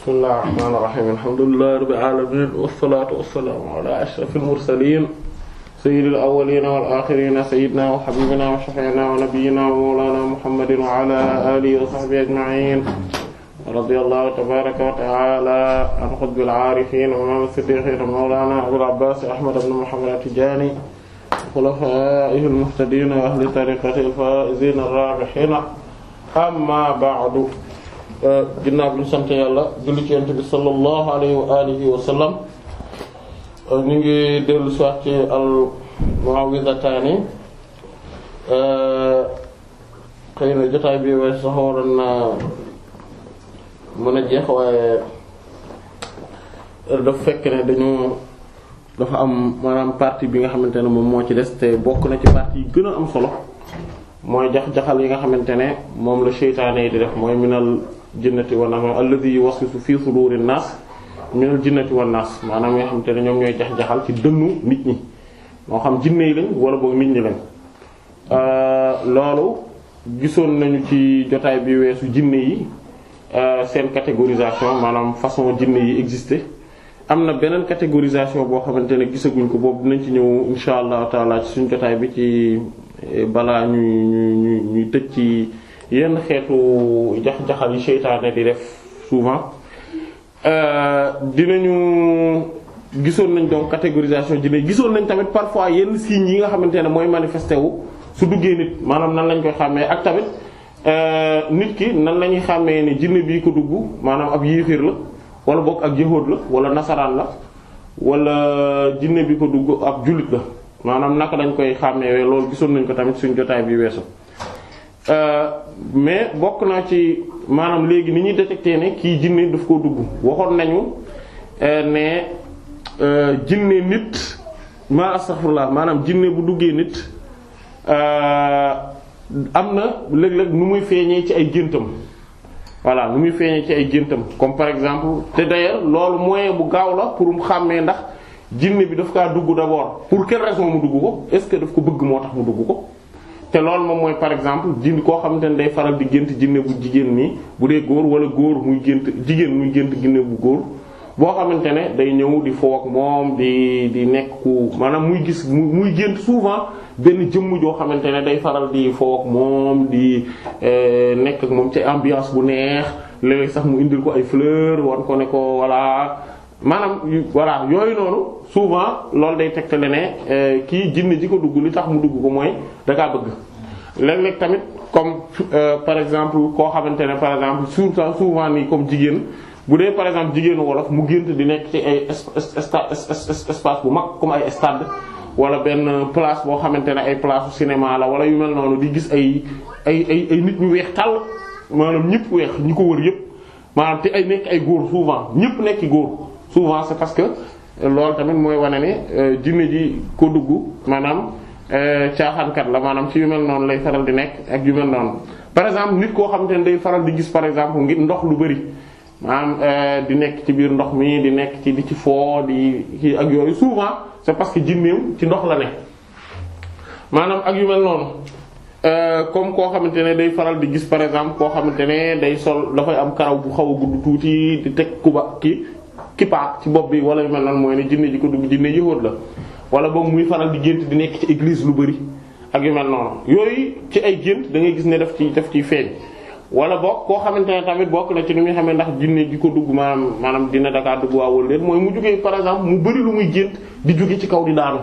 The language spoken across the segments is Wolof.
bismillahir rahmanir rahim alhamdulillahi rabbil alamin wassalatu wassalamu ala ashrafil mursalin sayyidil awwalin wal akhirin sayyidina wa habibina wa shafi'ina wa nabiyyina wa mawlana muhammadin wa ala alihi wa sahbihi ajma'in radiyallahu tabaraka wa ta'ala an qutbil arifin wa imam as-siddiqin mawlana abul abbas ahmad ibn muhammad at-tijani khulafa'ihil muhtadin wa ahli tariqatihi al-faizin ar-rabihin amma ba'du Euh, ginnaaw bi ñu sant yàlla julli ci yonent bi sallallahu alayhi wa alihi wa sallam euh, ñu ngi dellu si ci al muawwidataani euh, xëy na jotaay bi wees sax waroon naa mën a jeex waaye dafa fekk ne dañu dafa am maanaam partie bi nga xamante ne moom moo ci des te bokk na ci partie yi gën a am solo mooy jax-jaxal yi nga xamante ne moom la seytaane yi di def mooy minal jinnati wan naas alladhi yuwaswisu fi sudurin naas minal jinnati wan naas maanaam nga xam te ne ñoom ñooy jax-jaxal ci dënnu nit ñi moo xam jinne yi lañ wala boog nit ñi lañ euh, loolu gisoon nañu ci jotaay bi weesu jinne yi euh, seen catégorisation maanaam façon jinne yi existe am na beneen catégorisation boo xamante ne gisaguñ ko boobu dinañ ci ñëw insha allah taala ci suñu jotaay bi ci eh, balaa ñuy ñuy ñuy tëj ci yenn xeetu jax-jaxal yi seytaane di def souvent euh, dina ñu gisoon nañ donc catégorisation jinne gisoon nañ tamit parfois yenn signes yi nga xamante ne mooy manifesté wu su duggee nit maanaam nan lañ koy xàmmee ak tamit euh, nit ki nan lañuy xàmmee ne jinne bii ko dugg maanaam ab yéeféer la wala bokk ak yahuud la wala nasaraan la wala jinne bi ko dugg ab jullit la maanaam naka lañ koy xàmmee loolu gisoon nañ ko tamit suñ jotaay bi weesu Euh, mais bokk naa ci maanaam léegi ni ñuy détecté ne kii jinne daf koo dugg waxoon nañu euh, ne euh, jinne nit ma astaghfirullah maanaam jinne bu duggee nit am na léeg-léeg nu muy feeñee ci ay géntam voilà nu muy feeñee ci ay géntam comme par exemple te d'ailleurs loolu moyen bu gaaw la pour mu xàmmee ndax jinne bi daf kaa dugg d'abord pour quelle raison mu dugg ko est-ce que daf ko bëgg moo tax mu dugg ko te loolu moom mooy par exemple di koo xamante ne day faral di gént jinne bu jigéen mi bu dee góor wala góor muy gént jigéen muy gént jinne bu góor boo xamante ne day ñëw di foo moom di di nekk ku maanaam muy gis muy gént souvent benn jëmm joo xamante ne day faral di foo ak moom di eh, nekk moom ci ambiance bu neex léeg sax mu indil ko ay fleur wan ko ne ko voilà maanaam voilà yooyu noonu souvent loolu day tegtale ne euh, kii jinne ji ko dugg li tax mu dugg ko mooy da kaa bëgg léeg-léeg tamit comme euh, par exemple koo xamante ne par exemple surtout souvent nii comme jigéen bu dee par exemple jigéenu wolof mu gént di nekk ci ay espace bu mag comme ay wala benn place boo xamante ne ay place cinéma la wala yu mel noonu di gis ay ay ay ay nit ñu weex tàll maanaam ñëpp weex ñi ko wër yëpp maanaam te ay nekk ay góor souvent ñëpp nekk góor souvent c'est parce que loolu tamit mooy wane ne euh, jinne ji ko dugg maanaam euh, caaxaankat la maanaam ci yu noonu lay faral di nekk ak yu noonu par exemple nit koo xamante ne day faral di gis par exemple ngir ndox lu bari maanaam euh, di nekk ci biir ndox mi di nekk ci di ci foo di kii ak yooyu souvent c'est parce que jinneem ci ndox la ak yu mel noonu koo xamante ne day faral di gis par exemple koo xamante ne day sol dafay am karaw bu xaw a gudd tuuti di teg kuba kii kippaak ci bopp bi wala yu mel noonu mooy ne jinne ji ko dugg jinne yëwóot la wala boog muy faral di gént di nekk ci église lu bari ak yu mel noonu yooyu ci ay gént da ngay gis ne daf ci daf ciy feeñ wala boog koo xamante ne tamit bokk na ci li muy xamee ndax jinne ji ko dugg maanaam maanaam dina dakaa dugg waa wala déet mooy mu jugee par exemple mu bari lu muy gént di jóge ci kaw di daanu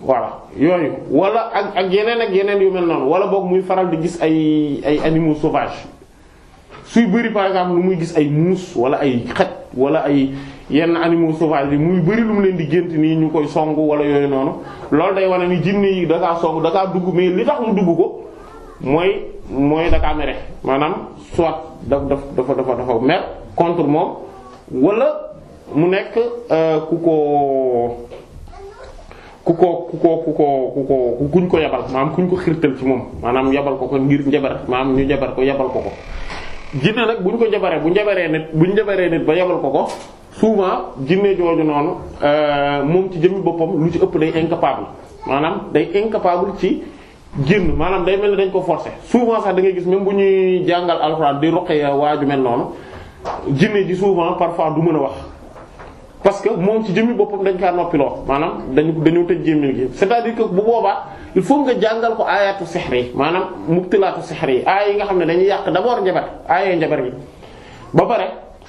voilà yooyu wala ak ak yeneen ak yeneen yu mel noonu wala boog muy faral di gis ay ay animaux sauvages suy bëri par exemple lu muy gis ay muus wala ay xaj wala ay yenn animaux sauvages yi muy bëri lu mu leen di gént nii ñu koy song wala yooyu noonu lool day wane ni jinne yi dakaa song dakaa dugg mais li tax mu dugg ko mooy mooy dakaa mere maanaam soit daf daf dafa dafa dafa mer contre moom wala mu nekk euh, ku ko ku ko ku ko ku ko ko kuñ ko yabal maanaam kuñ ko xirtal ci moom maanaam yabal ko ko ngir njabar maanaam ñu jabar ko yabal ko ko jinne nag bu ñu ko njabaree bu njabaree nit bu ñu njabaree nit ba yebal ko ko souvent jinne jooju noonu euh, moom ci jëmm boppam lu ci ëpp day incapable maanaam day incapable ci génn maanaam day mel ni dañ ko forcer souvent sax da ngay gis même bu ñuy jàngal alxuraan di roqe ya waaju mel noonu jinne ji souvent parfois du mën a wax parce que moom ci jëmmi boppam dañ kaa noppiloo maanaam dañu dañoo tëj gémmiñ gi c'est-à-dire que bu boobaa il faut nga jàngal ko aayatu sihri yi maanaam mubtilaatu sihri yi aay yi nga xam ne dañuy yàq d'abord njabar aayee njabar gi ba pare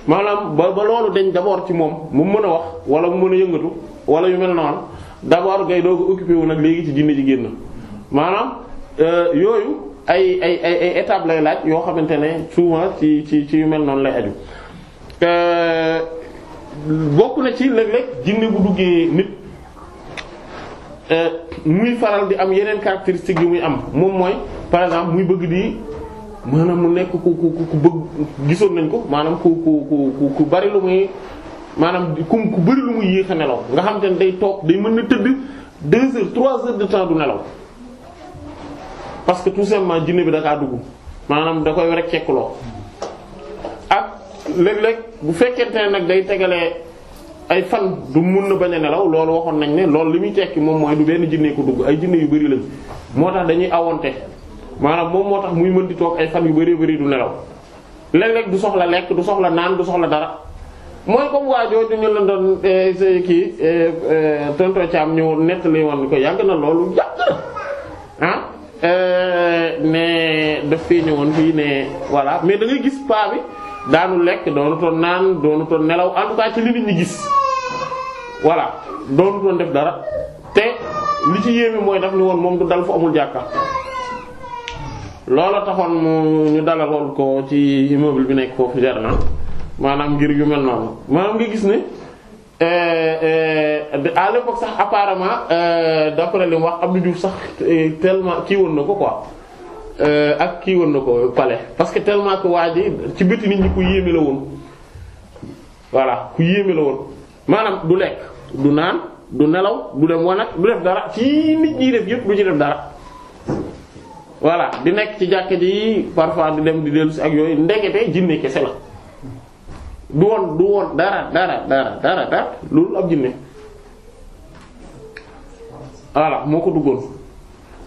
maanaam ba ba loolu dañ d'abord ci moom mu mën a wax wala mu mën a yëngatu wala yu mel noonu d'abord ngay doo ko occupé nag léegi ci jinne ji génn maanaam euh, yooyu ay ay ay ay lay laaj yoo xamante ne souvent ci ci ci mel noonu lay bokk na ci léeg-léeg jinne bu duggee nit euh, muy faral di am yeneen caractéristiques yi muy am moom mooy par exemple muy bëgg di maanaam mu nekk ku ku ku bëgg gisoon nañ ko maanaam ku ku ku ku bari lu muy maanaam ku ku bari lu muy yéex a nelaw nga xam te ne day toog day mën na tëdd deux heures trois heures de temps du nelaw parce que tout simplement jinne bi da dugg maanaam da koy rek cekkuloo léeg-léeg bu fekkente ne nag day tegalee ay fan du mun na bañ a nelaw loolu waxoon nañ ne loolu li muy tekki moom mooy du benn jinne ko dugg ay jinne yu bari lañ moo tax dañuy awonte maanaam moom moo tax muy mën di toog ay fan yu bari bari du nelaw léeg-léeg soxla lekk du soxla naan du soxla dara mooy comme waa jooju ñu la doon eh, eh, kii eh, tonton Thiam ñëw nettali woon ko yàgg na loolu yàgg na ah ne daf fee ñëwoon fii ne voilà mais da gis paa bi. daanu lekk doonu naan doonu toon nelaw en tout cas ci li nit gis voilà doonu def dara te li ci yéeme mooy daf ni woon moom du dal fu amul jàkka loola taxoon mu ñu dalaloon ko ci immeuble bi nekk foofu jar na maanaam ngir yu mel noonu maanaam nga gis ne euh, euh, à l'époque sax apparemment euh, d'après li mu wax Abdou Diouf sax tellement ci woon na ko quoi Euh, ak kii woon na ko palais parce que tellement que waa ji ci bëti nit ñi ku yéeme la woon voilà ku yéeme la woon maanaam du lekk du naan du nelaw du dem wanag du def dara ci nit ñi def yëpp du ci def dara voilà di nekk ci jàkka ji parfois di dem di dellu ak yooyu ndegete jinne kese la du woon du woon dara dara dara dara loolu ab jinne voilà moo ko duggoon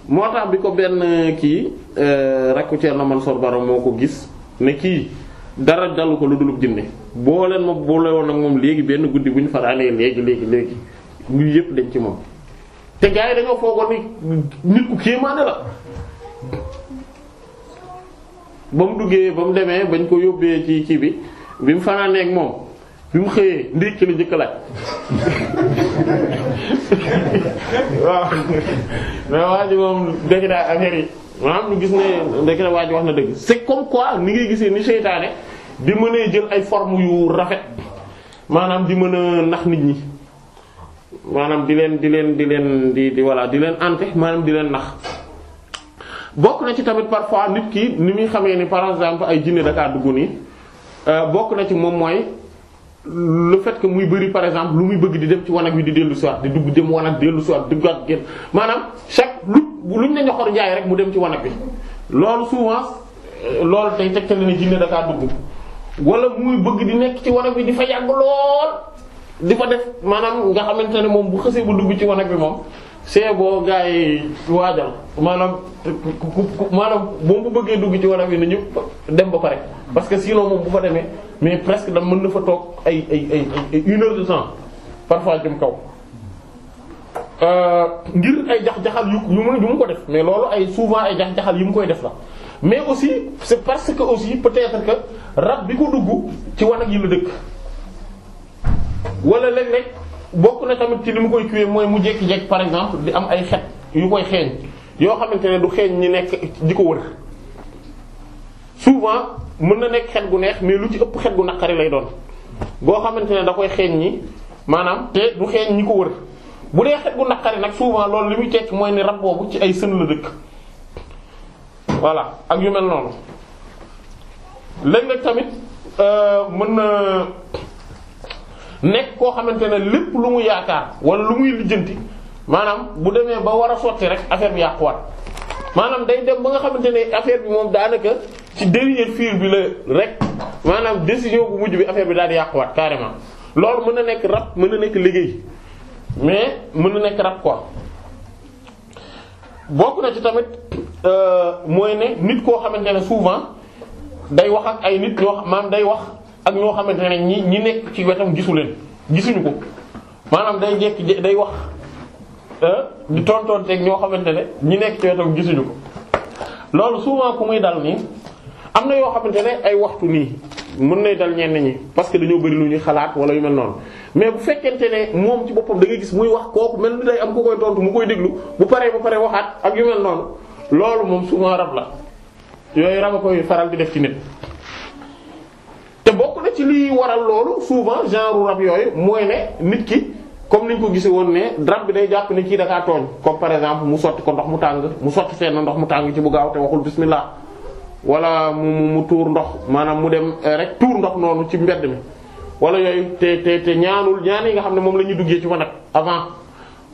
moo tax bi ko benn kii euh, na man Mansour Baro moo ko gis ne kii dara dalu ko lu dul jinne boo leen ma boole woon ak moom léegi benn guddi bu ñu fanaanee léegi léegi léegi lu yëpp dañ ci moom te gars yi dañoo foogoon ni nit ku kéemaane la ba mu duggee ba mu demee bañ ko yóbbee ci ci bi bi mu fanaanee ak moom bi mu xëyee ndékki la njëkk laaj waaw mais waa ji moom dëgg daal affaire yi maanaam lu gis ne ndekki na waa wax na dëgg c'est comme quoi ni ngay gisee ni seytaane di mën jël ay forme yu rafet maanaam di mën a nax nit ñi maanaam di leen di leen di leen di di voilà di leen ante maanaam di leen nax bokk na ci tamit parfois nit kii ni muy xamee ni par exemple ay jinne dakaa dugg nii euh, bokk na ci moom mooy lu fait que muy bëri par exemple lu muy bëgg di dem ci wanag wi di dellu si waat di dugg jëm wanag dellu si waat duggaat génn maanaam chaque lu ñu ne ñoxor njaay rek mu dem ci wanag bi loolu souvent euh, loolu tey tegtal na jinne dakaa dugg wala muy bëgg di nekk ci wanag bi di fa yàgg lool di fa def maanaam nga xamante ne moom bu xësee bu dugg ci wanag bi moom c'est boo gars yi waajal maanaam ku maanaam boo bu bëggee dugg ci wanag bi na ñëpp dem ba pare parce que sinon bu fa demee mais presque da mën na fa toog ay ay ay ay une heure de temps parfois jëm kaw euh, ngir ay jax-jaxal yu yu mu yu mu ko def mais loolu ay souvent ay jax-jaxal yu mu koy def la mais aussi c'est parce que aussi peut-être que rab bi ko dugg ci wanag yi la dëkk wala léeg-léeg bokk na tamit ci li mu koy cuwe mooy mu jékki-jékki par exemple di am ay xet yu koy xeeñ yoo xamante ne du xeeñ ñi nekk di ko wër mën na nekk xet gu neex mais lu ci ëpp xet gu naqari lay doon goo xamante ne da koy xeeñ ñi maanaam te du xeeñ ñi ko wër bu dee xet gu naqari nag souvent loolu li muy tekk mooy ni rab boobu ci ay sën la ak yu noonu léeg-léeg tamit euh, mën na nekk koo xamante ne lépp lu mu yaakaar wala lu muy lijjanti maanaam bu demee ba war a sotti rek affaire bi yàquwaat maanaam day dem ba nga xamante ne affaire bi moom daanaka ci dernier fiir bi la rek maanaam décision bu mujj bi affaire bi daal yàquwaat carrément loolu mën na nekk rab mën na nekk liggéey mais mën na nekk rab quoi bokk na ci tamit euh, mooy ne nit koo xamante ne souvent day wax ak ay nit ñoo day wax ak ñoo xamante ne ñi ñi nekk ci wetam gisu gisuñu ko maanaam day jekk day wax euh, di tontonteeg ñoo xamante ne ñi nekk ci wetam gisuñu ko loolu souvent ku muy dal nii am na yoo xamante ne ay waxtu nii mën nay dal ñenn ñi parce que dañoo bëri lu ñuy xalaat wala yu mel noonu mais bu fekkente ne moom ci boppam da ngay gis muy wax kooku mel ni day am ku koy tontu mu koy déglu bu paree bu paree waxaat ak yu mel noonu loolu moom souvent rab la yooyu rab a koy faral di def ci nit. te bokk na ci liy waral loolu souvent genre rab yooyu mooy ne nit ki comme niñ ko gisee woon ne rab bi day jàpp ne kii da tooñ comme par exemple mu sotti ko ndox mu tàng mu sotti fenn ndox mu tàng ci bu gaaw te waxul bismillah. wala mu mu tuur ndox maanaam mu dem eh, rek tuur ndox noonu ci mbedd mi wala yooyu te te te ñaanul ñaan yi nga xam ne moom la ñuy duggee ci wanag avant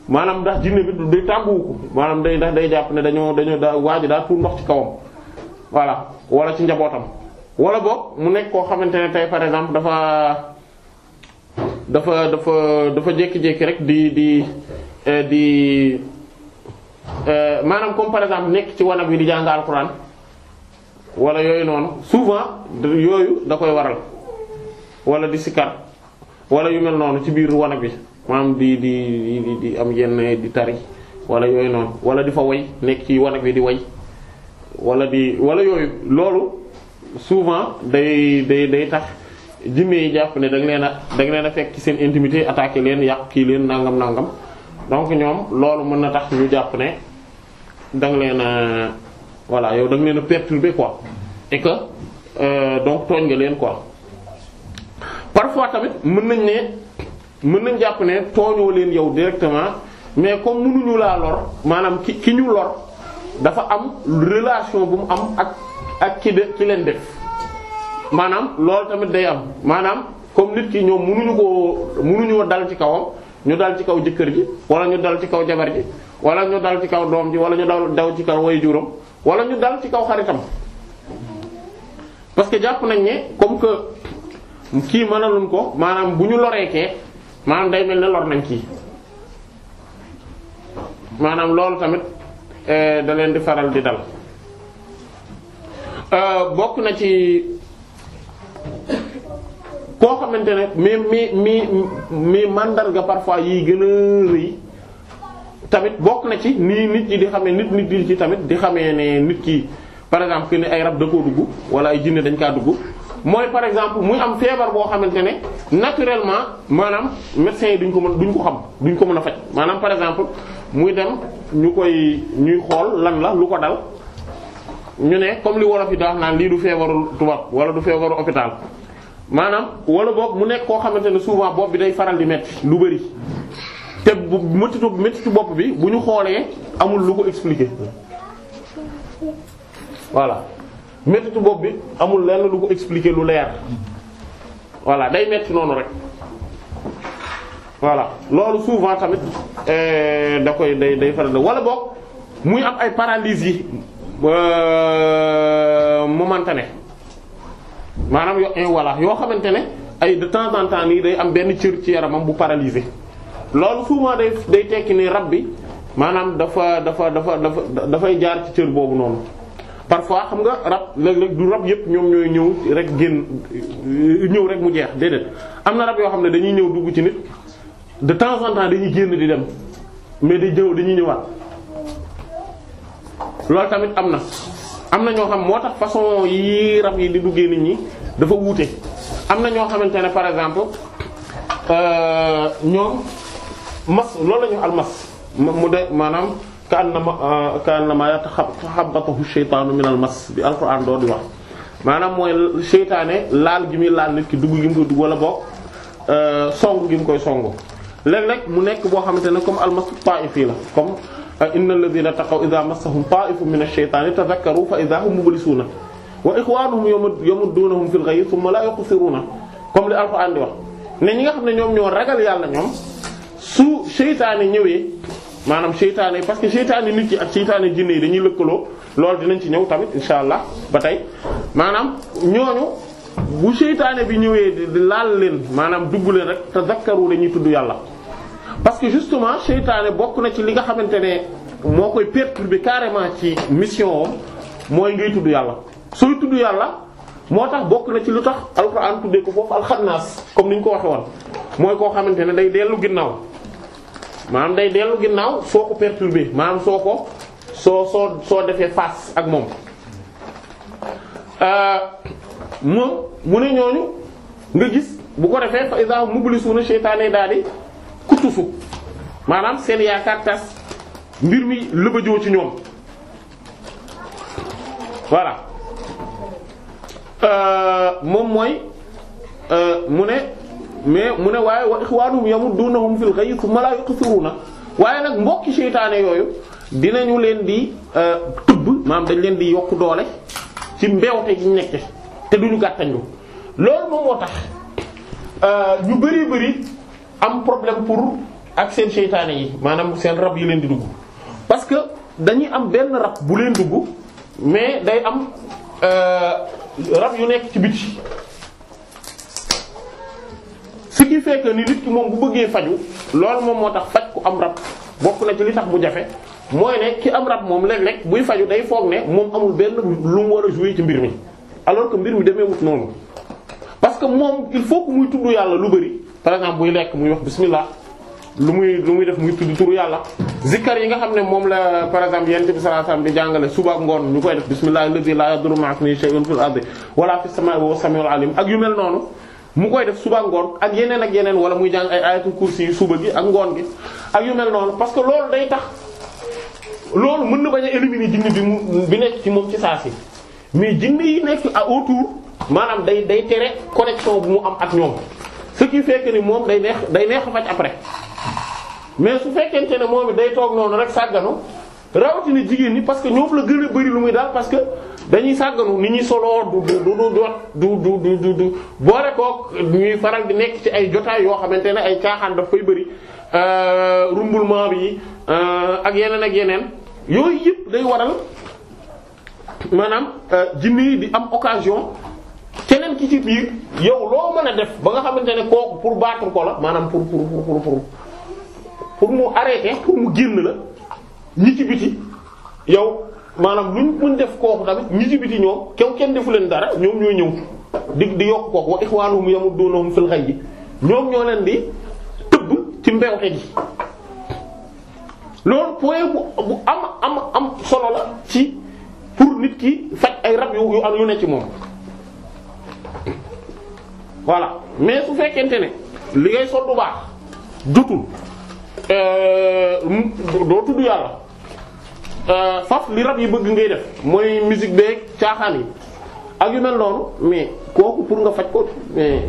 maanaam ndax jinne bi day tàmbuwu ko maanaam day ndax day jàpp ne dañoo dañoo daa waaj daa tuur ndox ci kawam voilà wala ci njabootam wala boog mu nekk koo xamante ne tey par exemple dafa dafa dafa dafa jékki-jékki rek di di eh, di eh, maanaam comme par exemple nekk ci wanag wi di jàng alxuraan wala yooyu noonu souvent yooyu da koy waral wala di sikar wala yu mel noonu ci biir wane bi maanaam di di di di am yenn di tari wala yooyu noonu wala di fa way nekk ci wane bi di way wala di wala yooyu loolu souvent day day day tax jinne yi jàpp ne da leen a da leen a fekk ci seen intimité attaqué leen yàq kii leen nangam nangam donc ñoom loolu mën na tax ñu jàpp ne da leen voilà yow da nga leen a perturber quoi et que euh, donc tooñ nga leen quoi parfois tamit mën nañ ne mën nañ jàpp ne tooñoo leen yow directement mais comme mënuñu laa lor maanaam ki ki ñu lor dafa am relation bu mu am ak ak ki de ci leen def maanaam loolu tamit day am maanaam comme nit ki ñoom mënuñu koo mënuñoo dal ci kawam ñu dal ci kaw jëkkër ji wala ñu dal ci kaw jabar ji wala ñu dal ci kaw doom ji wala ñu dal daw ci kaw juróom wala ñu dal ci kaw xaritam parce que jàpp nañ ne comme que kii mënaluñ ko maanaam bu ñu loreekee maanaam day mel ne lor nañ kii maanaam loolu tamit eh, da leen di faral di dal euh, bokk na ci koo xamante ne mais mais mais mais mandarga parfois yi gën a rëy tamit bokk na ci nii nit yi di xamee nit nit di ci tamit di xamee ne nit ki par exemple que ni ay rab da koo dugg wala ay jinne dañ kaa dugg mooy par exemple muy am feebar boo xamante ne naturellement maanaam médecin yi duñ ko mën duñ ko xam duñ ko mën a faj maanaam par exemple muy dem ñu koy ñuy xool lan la lu ko dal ñu ne comme li wolof yi da wax naan lii du feebaru tubaab wala du feebaru hôpital maanaam wala boog mu nekk koo xamante ne souvent bopp bi day faral di metti lu bari te bu méttitu méttitu bopp bi bu ñu xoolee amul lu ko expliquer voilà méttitu bopp bi amul lenn lu ko expliquer lu leer voilà day metti noonu rek voilà loolu souvent tamit eh, da koy day day faral wala boog muy am ay paralysie yi euh, momentanée maanaam yo voilà yoo xamante ne ay de temps en temps nii day am benn cër ci yaramam bu paralysé loolu souvent day day tekki nii rab bi maanaam dafa dafa dafa dafa dafay jaar ci cër boobu noonu parfois xam nga rab léeg-léeg du rab yépp ñoom ñooy ñëw rek génn ñëw rek mu jeex déedéet am na rab yoo xam ne dañuy ñëw dugg ci nit de temps en temps dañuy génn di dem mais di jëw dañuy ñëwaat loolu tamit am na am na ñoo xam moo tax façon yi rab yi di duggee nit ñi dafa wuute am na ñoo xamante ne par exemple euh, ñoom mas loolu la ñu almas mu de maanaam ka annama ah, ka annama yataxabbatuhu shaytaanu minal mas bi alxuraan doo di wax maanaam mooy seytaane laal gi muy laal nit ki dugg gi mu koy dugg wala boog ah, song gi mu koy song léeg-léeg mu nekk boo xamante ne comme almasu taa'ifi la comme ah, inna alladhina taqaw idha massahum taa'ifun min ash-shaytani tadhakkaru fa idha hum mublisuna wa ikhwanuhum yamuddunahum fil ghayyi thumma la yuqsiruna comme li alxuraan di wax ne ñi nga xam ne ñoom ñoo ragal yàlla ñoom su seytaane ñëwee maanaam seytaane parce que seytaane nit ki ak seytaane jinne yi dañuy lëkkaloo loolu dinañ ci ñëw tamit insha allah ba tey maanaam ñooñu bu seytaane bi ñëwee di laal leen maanaam dugg leen rek te zakkaru dañuy tudd yàlla. parce que justement seytaane bokk na ci li nga xamante ne moo koy bi carément ci mission am mooy ngay tudd yàlla sooy tudd yàlla moo tax bokk na ci lu tax alxuraan tuddee ko foofu alxannaas comme ni ñu ko waxee woon mooy koo xamante ne day dellu ginnaaw. maam day dellu ginnaaw soo ko perturber maanaam soo ko soo soo soo defee face ak moom euh, moom mu ne ñooñu nga gis bu ko defee fa isa mublisuuna seytaane daal di kuttusu maanaam seen yaakaar tas mbir mi lëbëjoo ci ñoom voilà euh, moom mooy euh, mu ne mais mu ne waaye wa ixwaanuhum yamuddunahum fil ghayyi thumma laa na waaye nag mbokki seytaane yooyu dina dinañu leen di euh, tubb maanaam dañ leen di yokk doole ci mbewte gi nekk te duñu gàttañlu loolu moom moo tax euh, ñu bari bëri am problème pour ak seen seytaane yi maanaam seen rab yi leen di dugg parce que dañuy am benn rab bu leen dugg mais day am euh, rab yu nekk ci biti qui fait ni nit ki moom bu bëggee faju loolu moom moo tax faj ku am rab bokk na ci li tax mu jafe mooy ne ki am rab moom léeg-léeg buy faju day foog ne moom amul benn lu mu war a jouer ci mbir mi alors que mbir mi demee wut noonu parce que moom il faut muy tudd yàlla lu bari par exemple buy lekk muy wax bismillah lu muy lu muy def muy tudd turu yàlla zikkar yi nga xam ne moom la par exemple yent bi sallallahu alayhi wasallam di jàngale suba ak ngoon ñu koy def bismillah alladhi la yadurru ma'a ismihi noonu mu koy def suba ngoon ak yeneen ak yeneen wala muy jàng ay ayatul kursi yu suba bi ak ngoon gi ak yu mel noonu parce que loolu day tax loolu mën na bañ a éliminer jinne bi mu bi nekk ci moom ci saa si mais jinne yi nekk à autour maanaam day day tere connexion bu mu am ak ñoom ce qui fait ni moom day neex day neex a faj après mais su fekkente ne moom it day toog noonu rek sàgganu rawatina jigéen ñi parce que ñoom la gën a bari lu muy daal parce que. dañuy sàgganu ni ñuy soloo du du du du du du du boole kook ñuy faral di nekk ci ay jotaay yoo xamante ne ay caaxaan daf koy bëri rumbulement yi ak yeneen ak yeneen yooyu yëpp day waral maanaam jinne di am occasion keneen ki ci biir yow loo mën a def ba nga xamante ne kooku pour battre ko la maanaam pour pour pour pour pour mu arrêter pour mu génn la ñi ci biti yow maanaam luñ mën def kooku tamit ñi ci biti ñoom kew kenn defu leen dara ñoom ñooy ñëw di di yokk kooku wa ixwaanuhum yamudduunahum fil xayyi ñoom ñoo leen di tëbb ci mbewte gi loolu point bu am am am solo la ci pour nit ki faj ay rab yu yu am yu ne ci moom voilà mais su fekkente ne li ngay sol du baax jotul euh, doo tudd yàlla Euh, faf li rab yi bëgg ngay def mooy musique beeg caaxaan yi ak yu mel noonu mais kooku pour nga faj ko mais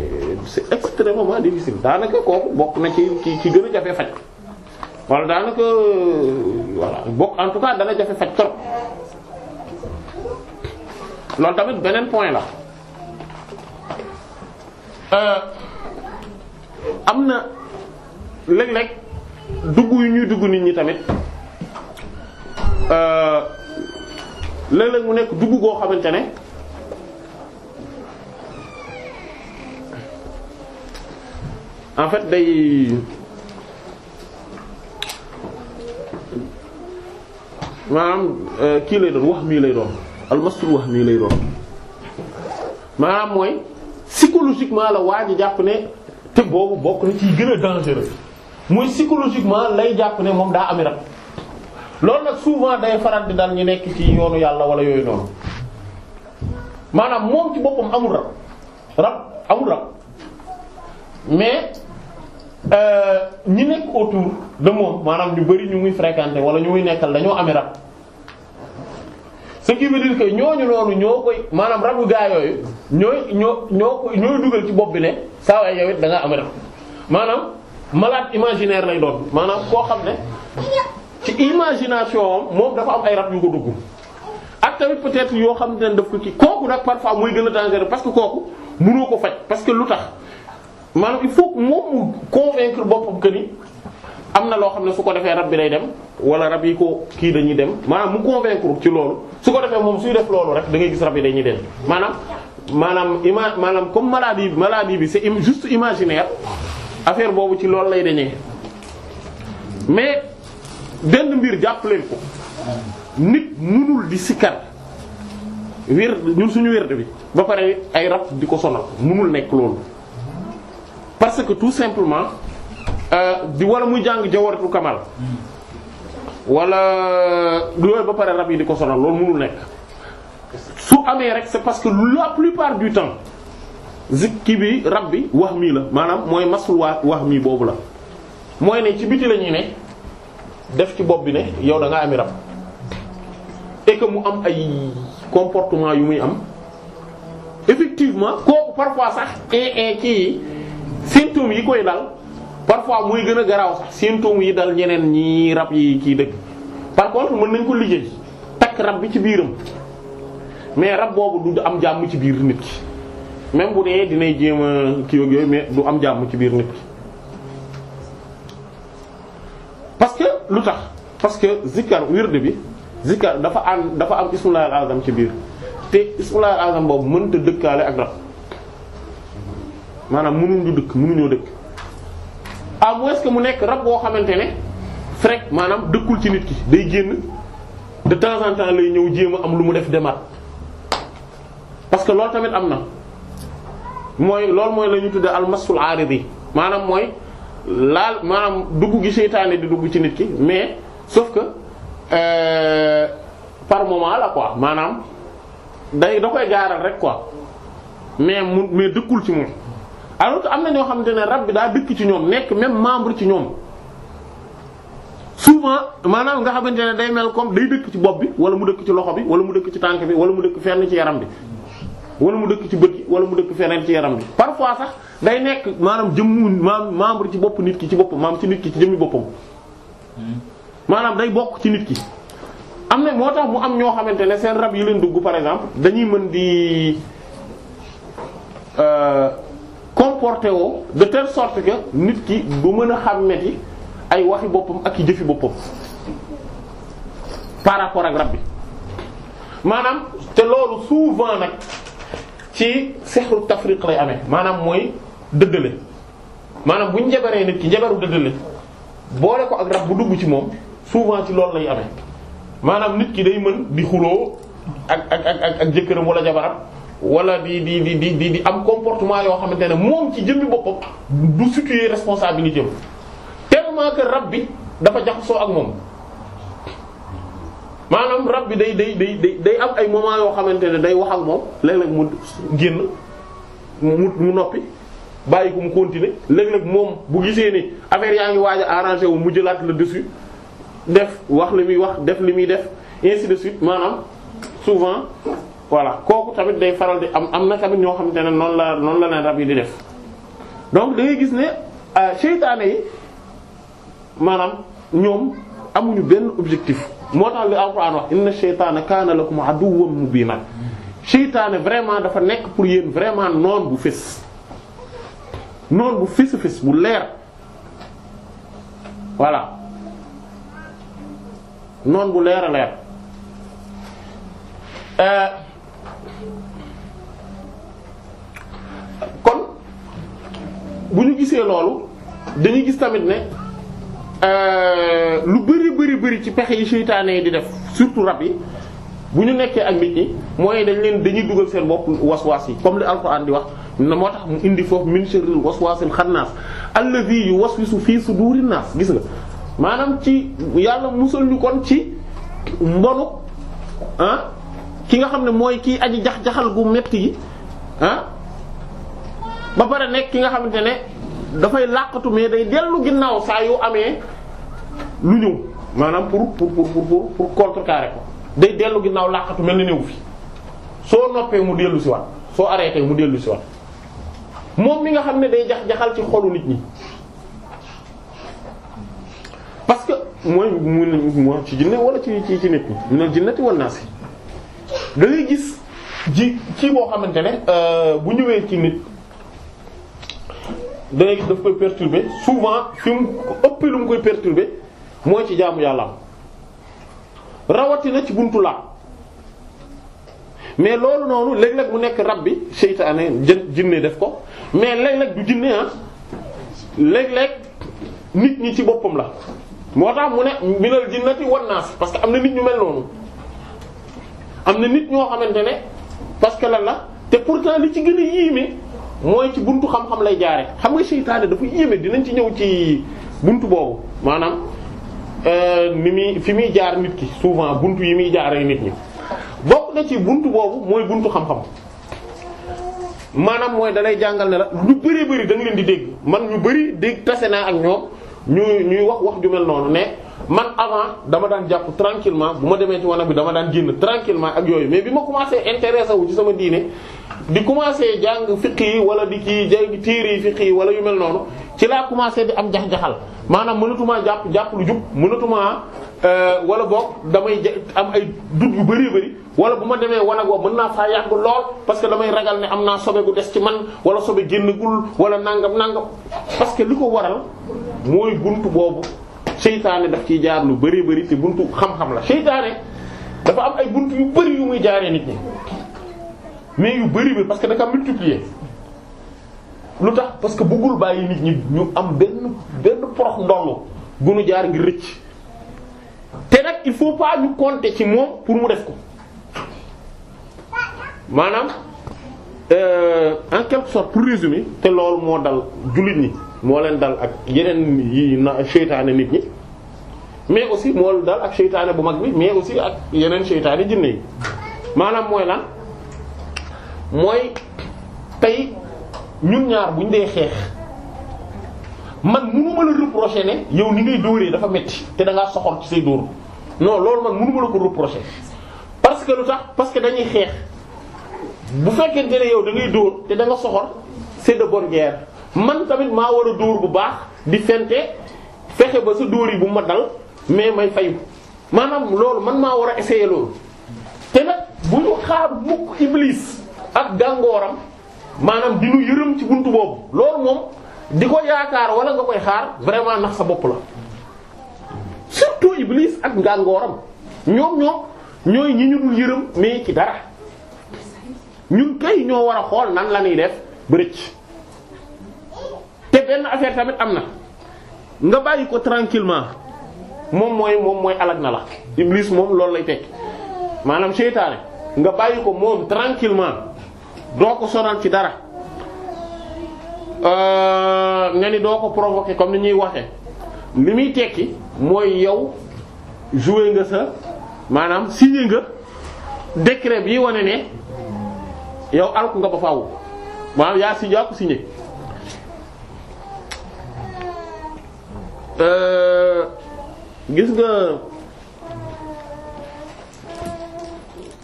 c'est extrêmement difficile daanaka kooku bokk na ci ci ci gën a jafe faj wala daanaka voilà bokk en tout cas dana jafe faj trop loolu tamit beneen point la euh, am na léeg-léeg dugg yu ñuy dugg nit ñi tamit Euh, léeg-léeg mu nekk dugg goo xamante ne en fait day maanaam euh, kii lay doon wax mii lay doon almastul wax mii lay doon maanaam mooy psychologiquement la waa ji jàpp ne te boobu bokk na ci gën a dangereux mooy psychologiquement lay jàpp ne moom daa ami rab loolu nag souvent day faral di dal ñu nekk ci yoonu yàlla wala yooyu noonu maanaam moom ci boppam amul rab rab amul rab mais euh, ñi nekk autour de moom maanaam ñu bari ñu muy fréquenter wala ñu muy nekkal dañoo amee rab ce qui veut dire ñooñu noonu ñoo koy maanaam rabu gaa yooyu ñooy ñoo ñoo koy ñooy dugal ci bopp bi ne saa waay yow it da ngaa am rab maanaam malade imaginaire lay doon maanaam koo xam ne. ci imagination moom dafa am ay rab yu ko dugg ak tamit peut-être yoo xam ne daf ko ci kooku nag parfois muy gën a dangereux parce que kooku mënoo ko faj parce que lu tax maanaam il faut moom mu convaincre boppam que am na loo xam ne su ko defee rab bi day dem wala rab yi ko kii dañuy dem maanaam mu convaincre ci loolu su ko defee moom suy def loolu rek dangay gis rab yi dañuy dem maanaam maanaam ima maanaam comme maladie bi maladie bi c'est juste imaginaire affaire boobu ci loolu lay dañee benn mbir jàpp leen ko nit munul di sikar wér ñun suñu wérd bi ba pare ay rab di ko sonal munul nekk loolu parce que tout simplement euh, di wala muy jàng jawaratu kamal wala yooyu ba pare rab yi di ko sonal loolu munul nekk su amee rek c'est parce que la plupart du temps zikki bi rab bi wax mii la maanaam mooy masul waa wax mii boobu la mooy ne ci biti la ñuy ne def ci bopp bi ne yow da ngaa ami rab et que mu am ay comportement yu muy am effectivement kooku parfois sax ee eh, eh, kii symptômes yi koy dal parfois muy gën a garaaw sax symptômes yi dal ñeneen ñi rab yi kii dëkk par contre mën nañ ko liggéey takk rab bi ci biiram mais rab boobu du am jàmm ci biir nit ki même bu dee dinay jéem a kii yooyu mais du am jàmm ci biir nit ki lu tax parce que zikkar wird bi zikkar dafa ànd dafa am ismullahi al-azam ci biir te ismullahi al-azam boobu mënta dëkkaale ak rab maanaam mënuñu dëkk mënuñoo dëkk à moins que mu nekk rab boo xamante ne frek maanaam dëkkul ci nit ki day génn de temps en lay ñëw jéem am lu mu def demaat parce que loolu tamit am na mooy loolu mooy la ñu tudde almasul aaridi maanaam mooy laal maanaam dugg gi seytaane di dugg ci nit ki mais sauf que euh, par moment la quoi maanaam day da koy gaaral rek quoi mais mu mais dëkkul ci moom alors am na ñoo xamante ne rab bi daa dëkk ci ñoom nekk même membre ci ñoom souvent maanaam nga xamante ne day mel comme day dëkk ci bopp bi wala mu dëkk ci loxo bi wala mu dëkk ci tànk bi wala mu dëkk fenn ci yaram bi wala mu dëkk ci bët yi wala mu dëkk feneen ci yaram bi parfois sax day nekk maanaam jëmmu maam membre ci bopp nit ki ci boppam maam ci nit ki ci jëmmi boppam maanaam day bokk ci nit ki am na moo tax mu am ñoo xamante ne seen rab yi leen dugg par exemple dañuy mën di euh, comporter woo de telle sorte que nit ki du mën a xàmmeti ay waxi boppam ak yi jëfi boppam par rapport ak rab bi maanaam te loolu souvent nag ci sexru tafriq lay amee maanaam mooy dëddale maanaam bu ñu njabaree nit ki njabaru dëddale boole ko ak rab bu dugg ci moom souvent ci loolu lay amee maanaam nit ki day mën di xuloo ak ak ak jëkkëram wala jabaram wala di di di di di di am comportement yoo xamante ne moom ci jëmmi boppam du situer responsabilité am tellement que rab bi dafa jaxasoo ak moom. maanaam rab bi day day day day am ay moment yoo xamante ne day wax ak moom léeg-léeg mu génn mu noppi. bàyyi ko mu continuer léeg-léeg moom bu gisee ne affaire yaa ngi waaj a wu mu jëlaat le dessus def wax li muy wax def li muy def ainsi de suite maanaam souvent voilà kooku tamit day faral di am am na tamit ñoo xam xamante ne noon la noon la leen rab yi di def donc dangay gis ne euh, seytaane yi maanaam ñoom amuñu benn objectif moo tax li Alxuraan wax inna seytaana kaana lakum aduwwan mubiina seytaane vraiment dafa nekk pour yéen vraiment noon bu fés noonu bu fis fis bu leer voilà noon bu leer a leer euh, kon bu ñu gisee loolu dañuy gis tamit ne euh, lu bari bari bari ci pexe yi seytaane di def surtout rab yi bu ñu nekkee ak nit ñi mooy dañ leen dañuy dugal seen bopp waswaas yi comme li alxuraan di wax na moo tax mu indi foofu min sharril waswaasil xannaas allazi yuwaswisu fii suduurin naas gis nga maanaam ci yàlla musal ñu kon ci mbonu ah, ki nga xam ne mooy kii aji jax-jaxal gu metti yi ah ba pare nekk ki nga xamante ne dafay làqatu mais day dellu ginnaaw saa yu amee lu ñëw maanaam pour pour pour pour pour contrecarrer ko day dellu ginnaaw làqatu mel ni néew fi soo noppee mu dellu si waat soo arrêté mu dellu si waat moom mi nga xam ne day jax jaxal ci xolu nit ñi parce que mooy mu ne ci jinne wala ci ci ci nit ñi mu ne jinnati wan naa si da gis ji ci boo xamante ne euh, bu ñëwee ci nit da ngay gis daf koy perturber souvent fi mu ëpp lu mu koy perturber mooy ci jaamu yàlla rawatina ci buntu laab mais loolu noonu léeg-léeg mu nekk rab bi seytaane jën jinne def ko mais léeg-léeg du jinne a ah. léeg-léeg nit ñi ci boppam la moo tax mu ne minal jinnati wan naas parce que am na nit ñu mel noonu am na nit ñoo xamante ne parce que lan la te pourtant li ci gën a yéeme mooy ci buntu xam-xam lay jaare xam nga seytaane dafa yéeme dinañ ci ñëw ci buntu boobu maanaam Euh, ni muy fi muy jaar nit ki souvent buntu yi muy jaaree nit ñi bokk na ci bunt boobu mooy buntu xam-xam maanaam mooy dalay jàngal ne la lu bari bari da nga leen di dégg man ñu bari dégg tase naa ak ñoom ñuy ñuy wax wax ju mel noonu ne man avant dama daan jàpp tranquillement bu ma demee ci wanag bi dama daan génn tranquillement ak yooyu mais bi ma commencé intéressé wu ci sama diine di commencé jàng fiqh yi wala di ki jàng téere yi fiqh yi wala yu mel noonu ci laa commencé bi am jax-jaxal maanaam mënatumaa jàpp jàpp lu jub mënatumaa euh, wala boog damay am ay dut yu bëri bëri wala bu ma demee wanag wa mën naa faa yàgg lool parce que damay ragal ne am naa sobe gu des ci man wala sobe génnagul wala nangam nangam parce que li ko waral mooy buntu boobu seytaane daf ciy jaar lu bari bari te bunt xam-xam la seytaane dafa am ay bunt yu bëri yu muy jaaree nit ñi mais yu bëri bi parce que dafa multiplier lu tax parce que bëggul bàyyi nit ñi ñu am benn benn porox ndollu gu nu jaar ngir rëcc te nag il faut pas ñu compter ci moom pour mu def ko maanaam euh, en quelque sorte pour résumer te loolu moo dal jullit ñi moo leen dal ak yeneen yi na seytaane nit ñi mais aussi moo dal ak seytaane bu mag bi mais aussi ak yeneen seytaane jinne yi maanaam mooy lan mooy tey ñun ñaar bu buñ dee xeex man mënuma la reprocher ne yow ni ngay dóoree dafa metti te danga ngaa soxor ci say dóor non loolu man mënuma la ko reprocher parce que lu tax parce que dañuy xeex bu fekkente ne yow da ngay dóor te da nga soxor c'est de bonne man tamit maa war a dóor bu baax di fente fexe ba sa dóor bu ma dal mais may fayu maanaam loolu man maa war a essayer loolu te nag bu ñu xaar mukk iblis ak gàngooram maanaam di nu yërëm ci bunt boobu loolu moom di ko yaakaar walla nga koy xaar vraiment nax sa bopp la surtout Iblis ak ngàngooram ñoom ñoom ñooy ñi ñu dul yërëm mais ci dara ñun kay ñoo war a xool nan la ñuy def ba te benn affaire tamit am na nga bàyyi ko tranquillement moom mooy moom mooy alag na la Iblis moom loolu lay tekki maanaam seytaane nga bàyyi ko moom tranquillement doo ko sonal ci dara euh, nga ni doo ko provoquer comme ni ñuy waxe li muy tekki mooy yow jouer nga sa maanaam signé nga décret bi wane ne yow alku nga ba faw maanaam yaa si yaa ko signé euh, gis nga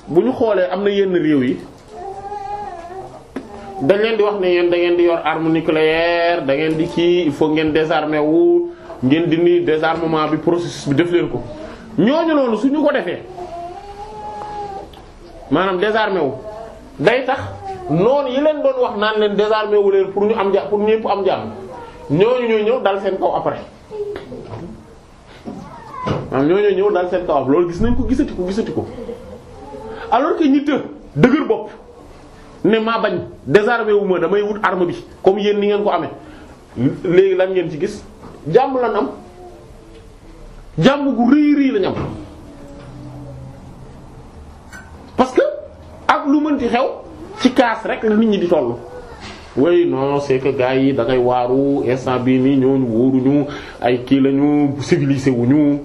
bu ñu xoolee am na yenn réew yi. dañ leen di wax ne yéen da ngeen di yor arme nucléaire da ngeen di kii il faut ngeen désarmer wu ngeen di ni désarmement bi processus bi def leen ko ñooñu noonu suñu ko defee maanaam désarmer wu day tax noonu yi leen doon wax naan leen désarmer wu leen pour ñu am ja pour ñépp am jàmm ñooñu ñoo ñëw dal seen kaw après maanaam ñooñu ñëw dal seen kaw loolu gis nañ ko gisati ko gisati ko alors que ñi dëgër bopp. ne maa bañ désarmé wu ma damay wut arme bi comme yéen ni ngeen ko amee léegi lan ngeen ci gis jàmm lan am jàmm gu rëy rëy lañ am parce que ak lu mënti xew ci kaas rek la nit ñi di toll. way no c'est que gars yi da ngay waaru instant bii nii ñooñu wóoruñu ay kii lañu civilisé wuñu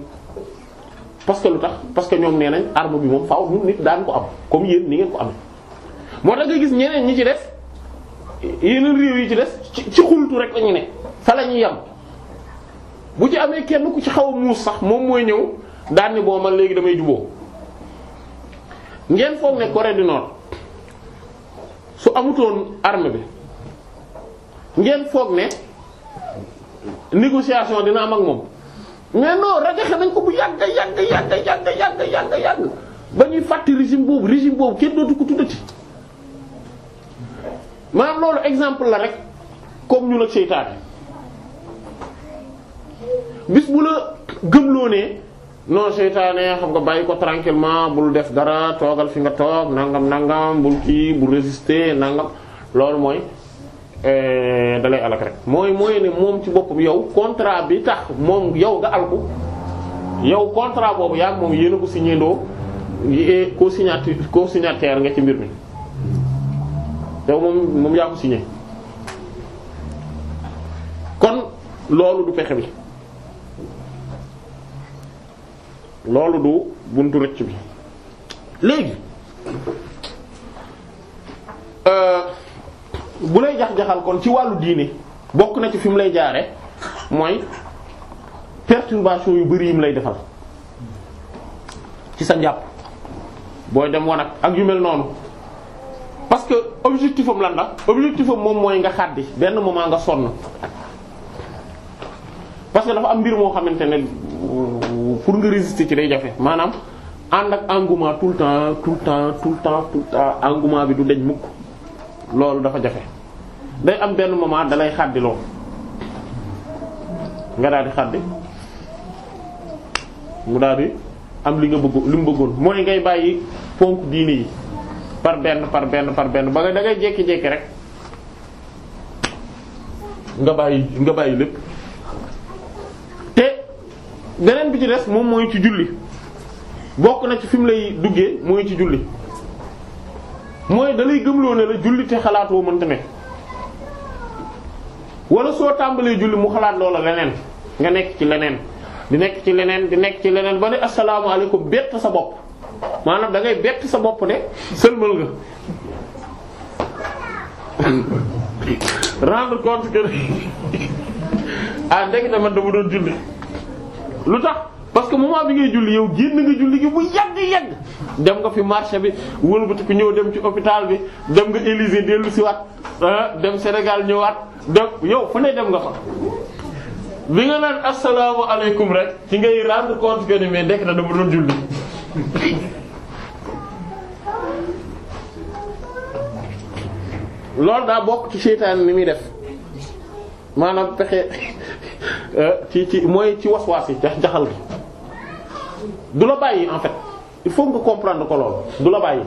parce lu tax parce que ñoom nee nañ arme bi moom faaw ñun nit daan ko am comme yéen ni ngeen ko amee. moo tax nga gis ñeneen ñi ci des yeneen réew yi ci des ci xultu rek lañu ne fa la ñuy yem bu ci amee kenn ku ci xaw a muus sax moom mooy ñëw daal ni boo man léegi damay juboo ngeen foog ne Corée du Nord su amutoon arme bi ngeen foog ne négociation dina am ak moom mais non rajaxe nañ ko bu yàgg yàgg yàgg yàgg yàgg yàgg yàgg ba ñuy fàtte régime boobu régime boobu kenn dootu ko tuddati. maanaam loolu exemple la rek comme ñun ak seytaane bis bu la gëmloo ne non seytaane xam nga bàyyi ko tranquillement bul def dara toogal fi nga toog nangam nangam bul kii bul résister nangam loolu mooy eh, dalay alak rek mooy mooy ne moom ci boppam yow contrat bi tax moom yow nga alku yow contrat boobu yaa moom yéen ko signé ndoo ko signataire nga ci mbir mi yow moom moom yaa mu signé kon loolu du pexe bi loolu du buntu rëcc bi léegi euh, bu lay jax-jaxal kon ci wàllu diine bokk na ci fi mu lay jaare mooy perturbation yu bari yim lay defal ci sa njàpp booy dem wanag ak yu mel noonu parce que objectif am lan la objectif am moom mooy nga xaddi benn moment nga sonn parce que dafa am mbir moo xamante ne pour nga résister ci day jafe maanaam ànd ak engouement tout le temps tout le temps tout le temps tout temps engouement bi du deñ mukk loolu dafa jafe day am benn moment dalay xaddi lool nga daal di xaddi mu daal di am li nga bëgg li mu bëggoon mooy ngay bàyyi ponk diini yi par benn par benn par benn ba nga da jékki-jékki rek nga bàyyi nga bàyyi lépp te deneen bi ci des moom mooy ci julli bokk na ci fi lay duggee mooy ci julli mooy da lay gëmloo ne la julli te xalaatoo mënta ne wala soo tàmbalee julli mu xalaat loola leneen nga nekk ci leneen di nekk ci leneen di nekk ci leneen ba ne asalaamaaleykum bett sa bopp maanaam da ngay bett sa bopp ne sëlmal nga rendre compte que ah ndekk dama dama doon julli lu tax parce que moment bi ngay julli yow génn nga julli bu yàgg yàgg dem nga fi marché bi wëlbati ko ñëw dem ci hôpital bi dem nga Élysée dellu si waat ah, dem Sénégal ñëwaat dem yow fu ne dem nga fa bi nga naan assalaamu alaykum rek ci ngay rendre compte que ni mais ndekk dama doon julli loolu daa bokk ci seetaan ni muy def maanaam pexe euh, ci ci mooy ci waswaas yi jaxal gi du la bàyyi en fait il faut nga comprendre ko lool du la bàyyi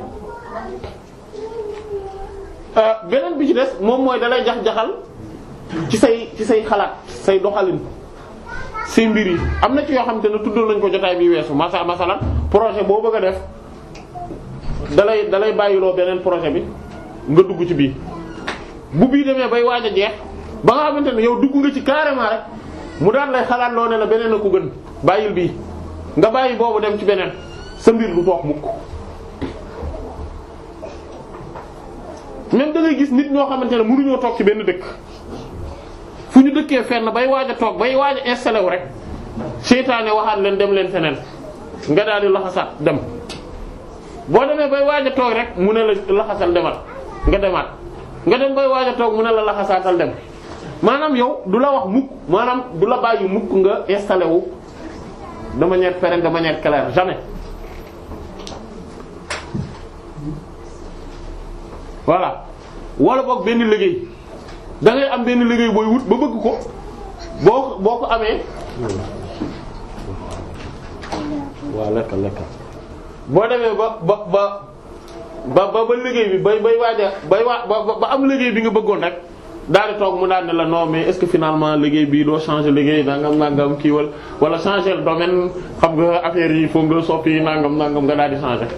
euh, beneen bi ci des moom mooy dalay jax jaxal ci say ci say xalaat say doxalin seen mbir yi am na ci yoo xamante ne tuddoo nañ ko jotaay bi weesu masa masalan projet boo bëgg a def dalay dalay bàyyiloo beneen projet bi nga dugg ci bii bu bii demee bay waaj a jeex ba nga xamante ne yow dugg nga ci carrément rek mu daan lay xalaat loo ne la beneen a ko gën bàyyil bii nga bàyyi boobu dem ci beneen sa mbir du toog mukk même da ngay gis nit ñoo xamante ne mënuñoo toog ci benn dëkk bu ñu dëkkee fenn bay waaja toog bay waaj a installé wu rek seytaane waxaat leen dem leen feneen nga daal di laxasaat dem boo demee bay waaja toog rek mu ne la laxasal demal nga demaat nga dem bay waaja toog mu ne la laxasaatal dem maanaam yow du la wax mukk maanaam du la bàyyi mukk nga installé wu de manière pérenne de manière claire jamais voilà wala boog benn léegi da am benn liggéey booy wut ba bëgg ko boo boo ko amee. waa lekkal lekkal boo demee ba ba ba ba ba liggéey bi bay bay waaja bay waa ba ba am liggéey bi nga bëggoon rek daal di toog mu daal ne la non mais est-ce que finalement liggéey bii doo changer liggéey nangam nangam kiiwal wala changer domaine xam nga affaire yi foog nga soppi nangam nangam nga daal di changer.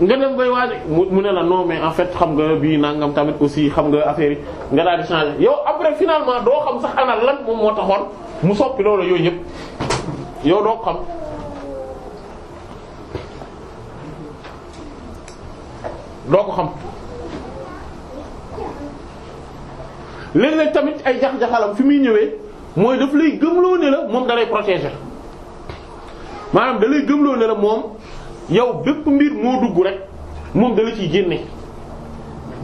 nga dem bay waaj mu ne la non mais en fait xam nga bii nangam tamit aussi xam nga affaire yi nga daal di changer yow après finalement doo xam sax ana lan moom moo taxoon mu soppi loolu yooyu yëpp yow doo xam. doo ko xam léeg-léeg tamit ay jax-jaxalam fi muy ñëwee mooy daf lay gëmloo ne la moom da lay protéger maanaam dalay lay gëmloo ne la moom. yow bépp mbir moo dugg rek moom dana ciy génne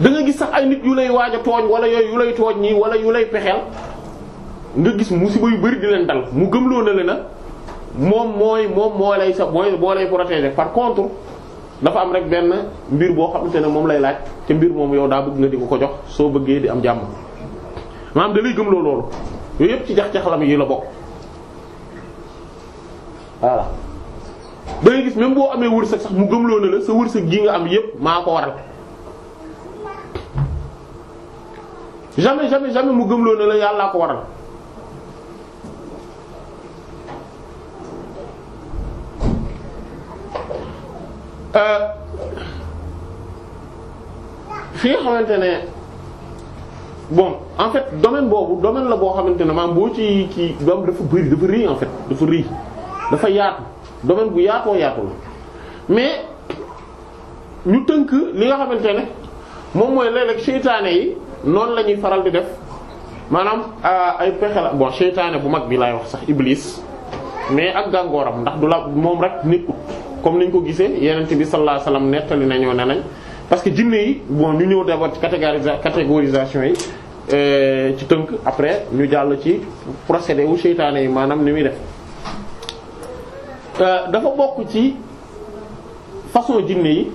da gis sax ay nit yu lay waaj tooñ wala yooyu yu lay tooñ nii wala yu lay pexeel nga gis musiba yu bari di leen dal mu gëmloo na le na moom mooy moom moo lay sax mooy boo lay protéger par contre dafa am rek benn mbir boo xamante ne moom lay laaj te mbir moom yow daa bëgg nga di ko ko jox soo bëggee di am jàmm maanaam da lay gëmloo loolu yooyu yëpp ci jax-jaxlam yi la bokk waaw da ngay gis même boo amee wërsëg sax mu gëmloo na la sa wërsëg gi nga am yépp maa ko waral jamais jamais jamais mu gëmloo na la yàllaa ko waral euh, fi xamante ne bon en fait domaine boobu domaine la boo xamante ne maam boo ci ci doom dafa bëri dafa rëy en fait dafa rëy dafa yaatu domaine bu yaatoo yaatu la mais ñu tënk li nga xamante ne moom mooy léeg-léeg seytaane yi noonu la ñuy faral di def maanaam euh, ay pexe la bon seytaane bu mag bi laay wax sax iblis mais ak gàngooram ndax du la moom rek nekkut comme ñu ko gisee yenent bi sallallahu alayhi wasallam nettali nañoo ne nañ parce que jinne yi bon ñu ñëw d'abord ci catégorisation catégorisation yi euh, ci tënk après ñu jàll ci procédé wu seytaane yi maanaam ni muy def Euh, dafa bokk ci façon jinne yi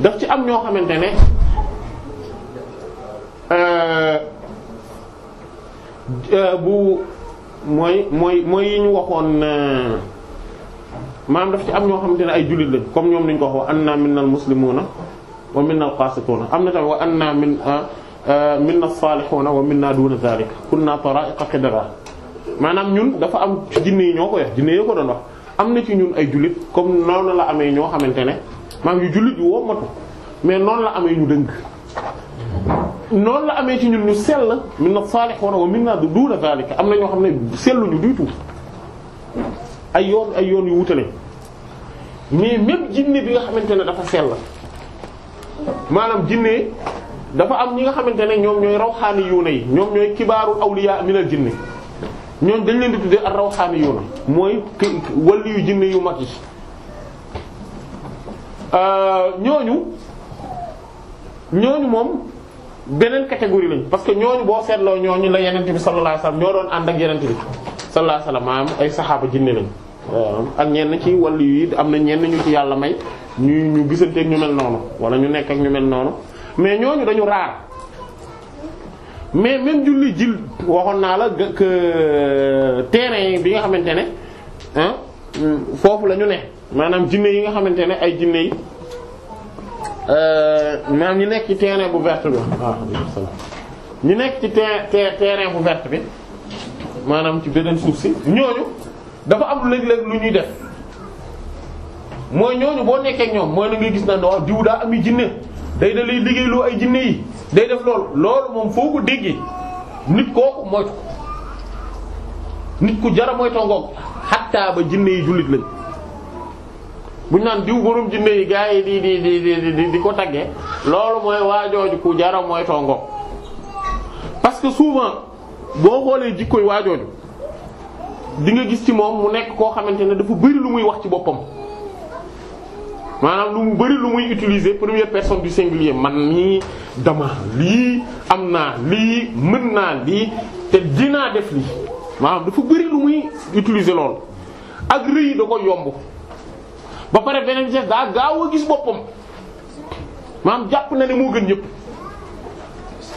daf ci am ñoo xamante ne euh, euh, bu mooy mooy mooy yi ñu waxoon maanaam daf ci am ñoo xamante ne ay jullit lañ comme ñoom niñ ko wax wa anna minnal muslimuna wa minnal qasituna am na tamit wa anna min ah, ah, minna salihuna wa minna duna zalika kunna tara'iqa qidra maanaam ñun dafa am ci jinne yi ñoo ko wax jinne yi ko doon wax am na ci ñun ay jullit comme noonu la amee ñoo xamante ne maam yu jullit yu wommatu mais noonu la amee ñu dëng noonu la amee ci ñun ñu sell minna saalihuuna wa minna duuna zaalika am na ñoo xam ne selluñu du tout ay yoon ay yoon yu wutale mais même jinne bi nga xamante ne dafa sell maanaam jinne dafa am ñi nga xamante ne ñoom ñooy raw rawxaani yuuna yi ñoom ñooy kibaaru awliya minal jinne ñooñ dañ leen di tuddee ak rawxaani yoona mooy wàllu yu jinne yu mag yi euh, ñooñu ñooñu moom beneen catégorie lañ parce que ñooñu boo seetloo ñooñu la yenente bi sallallahu alayhi wasallam ñoo doon ànd ak yenente bi sallallahu alayhi wasallam ay saxaaba jinne lañ euh, ak ñenn ci wàllu yi am na ñenn ñu ci yàlla may ñu ñu gisanteeg ñu mel noonu wala ñu nekk ak ñu mel noonu mais ñooñu dañu raar mais même julli jil waxoon naa la que euh, terrain bi nga xamante ne ah foofu la ñu ne maanaam jinne yi nga xamante ne ay jinne yi euh, maanaam ñu nekk ci terrain bu verte bi ñu nekk ci terrain bu verte bi maanaam ci beneen suuf si ñooñu dafa amul léeg-léeg lu ñuy def mooy ñooñu boo nekkee ñoom mooy na ngay gis na ne oh, diw daa ami jinne day da lay liggéeyloo ay jinne yi day def loolu loolu moom foo ko déggee nit kooku moytu nit ku jara moytu ngoog xattaa ba jinne yi jullit lañ buñ naan diw borom jinne yi gaa yi di di di di di ko taggee loolu mooy waajooju ku jara moytu parce que souvent boo xoolee jikkoy waajooju di nga gis ci moom mu nekk koo xamante ne dafa bari lu muy wax ci boppam maanaam lu mu bari lu muy utiliser première personne du singulier man mii dama lii am na lii mën naa lii te dinaa def lii maanaam dafa bari lu muy utilise lool ak rëy da ko yomb ba pare beneen chef daa gaaw a gis boppam maanaam jàpp na ne moo gën ñépp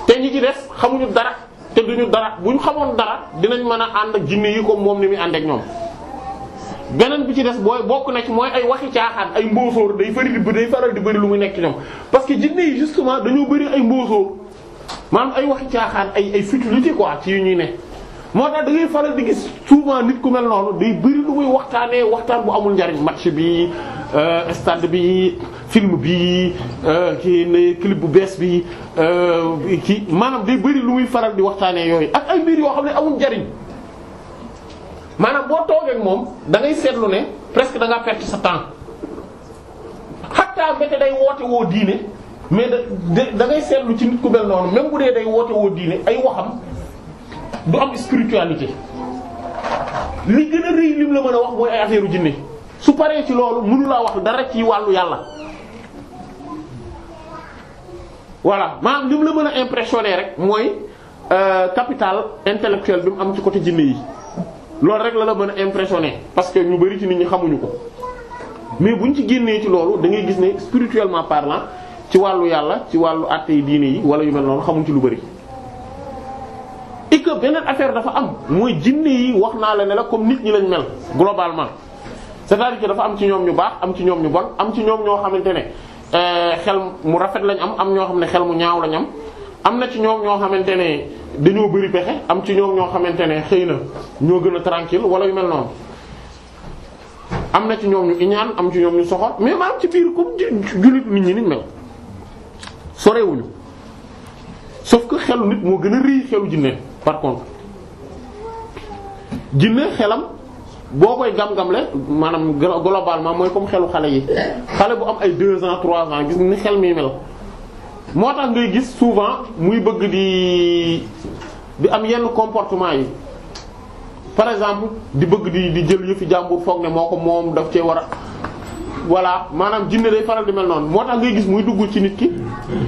te ñi ci des xamuñu dara te duñu dara buñ ñu xamoon dara dinañ mën a ànd ak jinne yi comme moom ni muy àndeek ak ñoom beneen bi ci des booy bokk na ci mooy ay waxi caaxaan ay mboosóor day fari di day faral di bëri lu muy nekk ci ñoom parce que jinne yi justement dañoo bëri ay mboosóor maanaam ay waxi caaxaan ay ay futilité quoi ci yu ñuy ne moo tax da ngay faral di gis souvent nit ku mel noonu day bëri lu muy waxtaanee waxtaan bu amul njariñ match bi euh, stade bi film bi euh, kii clip bu bees bi euh, kii maanaam day bëri lu muy faral di waxtaanee yooyu ak ay mbir yoo xam ne amul njariñ maanaam boo toogee moom da ngay seetlu ne presque da ngaa perte sa temps xataa mbete day woote woo diine mais da da ngay seetlu ci nit ku mel noonu même bu dee day woote woo diine ay waxam du am spiritualité li gën a rëy lim la mën a wax mooy ay affaire jinne su paree ci loolu mënu laa wax dara ci wàllu yàlla. voilà maanaam lim la mën a impressionné rek mooy euh, capital intellectuel bi mu am ci côté jinne yi. loolu rek la la mën a impressionné parce que ñu bari ci nit ñi xamuñu ko mais buñ ci génnee ci loolu da ngay gis ne spirituellement parlant ci wàllu yàlla ci wàllu àtte yi diine yi wala yu mel noonu xamuñ ci lu bari. et que beneen affaire dafa am mooy jinne yi wax naa la ne la comme nit ñi lañ mel globalement cest à dafa am ci ñoom ñu baax am ci ñoom ñu bon am ci ñoom ñoo xamante ne euh, xel mu rafet lañ am am ñoo xam ne xel mu ñaaw lañ am am na ci ñoom ñoo xamante ne. dañoo bëri pexe am ci ñoom ñoo xamante ne xëy na ñoo gën a tranquille wala yu mel noonu am na ci ñoom ñu iñaan am ci ñoom ñu soxor mais ma ci biir comme jullit nit ñi niñ mel sorewuñu sauf que xelu nit moo gën a rëy xelu jinne par contre jinne xelam boo koy gam-gamle maanaam globalement mooy comme xelu xale yi xale bu am ay deux ans trois ans gis ni xel mi mel moo tax ngay gis souvent muy bëgg di di am yenn comportement yi par exemple di bëgg di di jël yëfi jàmbur foog ne moo ko moom daf cee war a voilà maanaam jinne day faral di mel noonu moo tax ngay gis muy dugg ci nit ki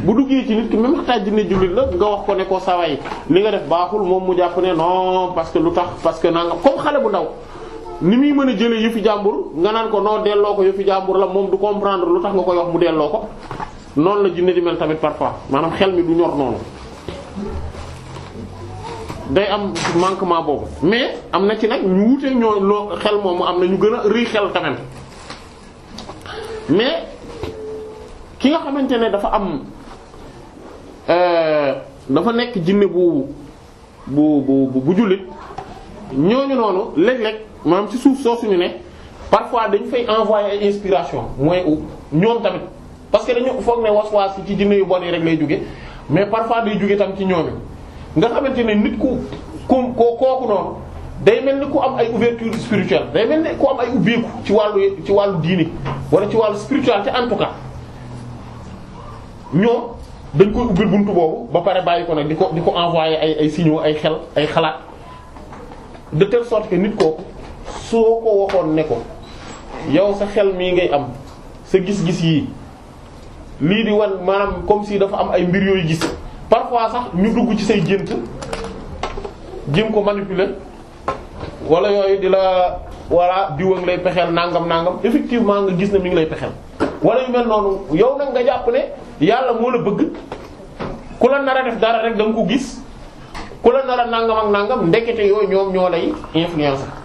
bu duggee ci nit ki même xataa jinne jullit la nga wax ko ne ko saway li nga def baaxul moom mu jàpp ne non parce lu tax parce que nanga comme xale bu ndaw ni muy mën a jëlee yëfi jàmbur nga naan ko noo delloo ko yëfi jàmbur la moom du comprendre lu tax nga koy wax mu delloo ko noonu la jinne di mel tamit parfois maanaam xel mi du ñor noonu day am manquement boobu mais am na ci nag ñu wutee ñoo loo xel moomu am na ñu gën a rëy xel tamit mais ki nga xamante ne dafa am euh, dafa nekk jinne bu bu bu bu jullit ñooñu noonu léeg-léeg maanaam ci suuf soosu ñu ne parfois dañ fay envoyé ay inspiration mooy ñoom tamit parce que dañu foog ne waswaas ci jinne yu bon yi rek lay jóge mais parfois day jóge tam ci ñoomi nga xamante ne nit ku ku kooku noonu day mel ni ku am ay ouverture spirituelle day mel ni ku am ay ci wàllu ci wàllu diini wala ci wàllu spiritualité en tout cas ñoom dañ koy ubbil buntu boobu ba pare bàyyi ko nag di ko di ko envoyer ay ay signaux ay xel ay xalaat de telle sorte que nit kooku soo ko waxoon ne ko yow sa xel mii ngay am sa gis-gis yii lii di wan maanaam comme si dafa am ay mbir yooyu gis parfois sax ñu dugg ci say gént jéem ko manipule walla yooyu di la wala diw a ngi lay pexeel nangam nangam effectivement nga gis ne mi ngi lay pexeel wala yu mel noonu yow nag nga jàpp ne yàlla moo la bëgg ku la nar a def dara rek da nga ko gis ku la nara a nangam ak nangam ndekete yooyu ñoom ñoo lay influencer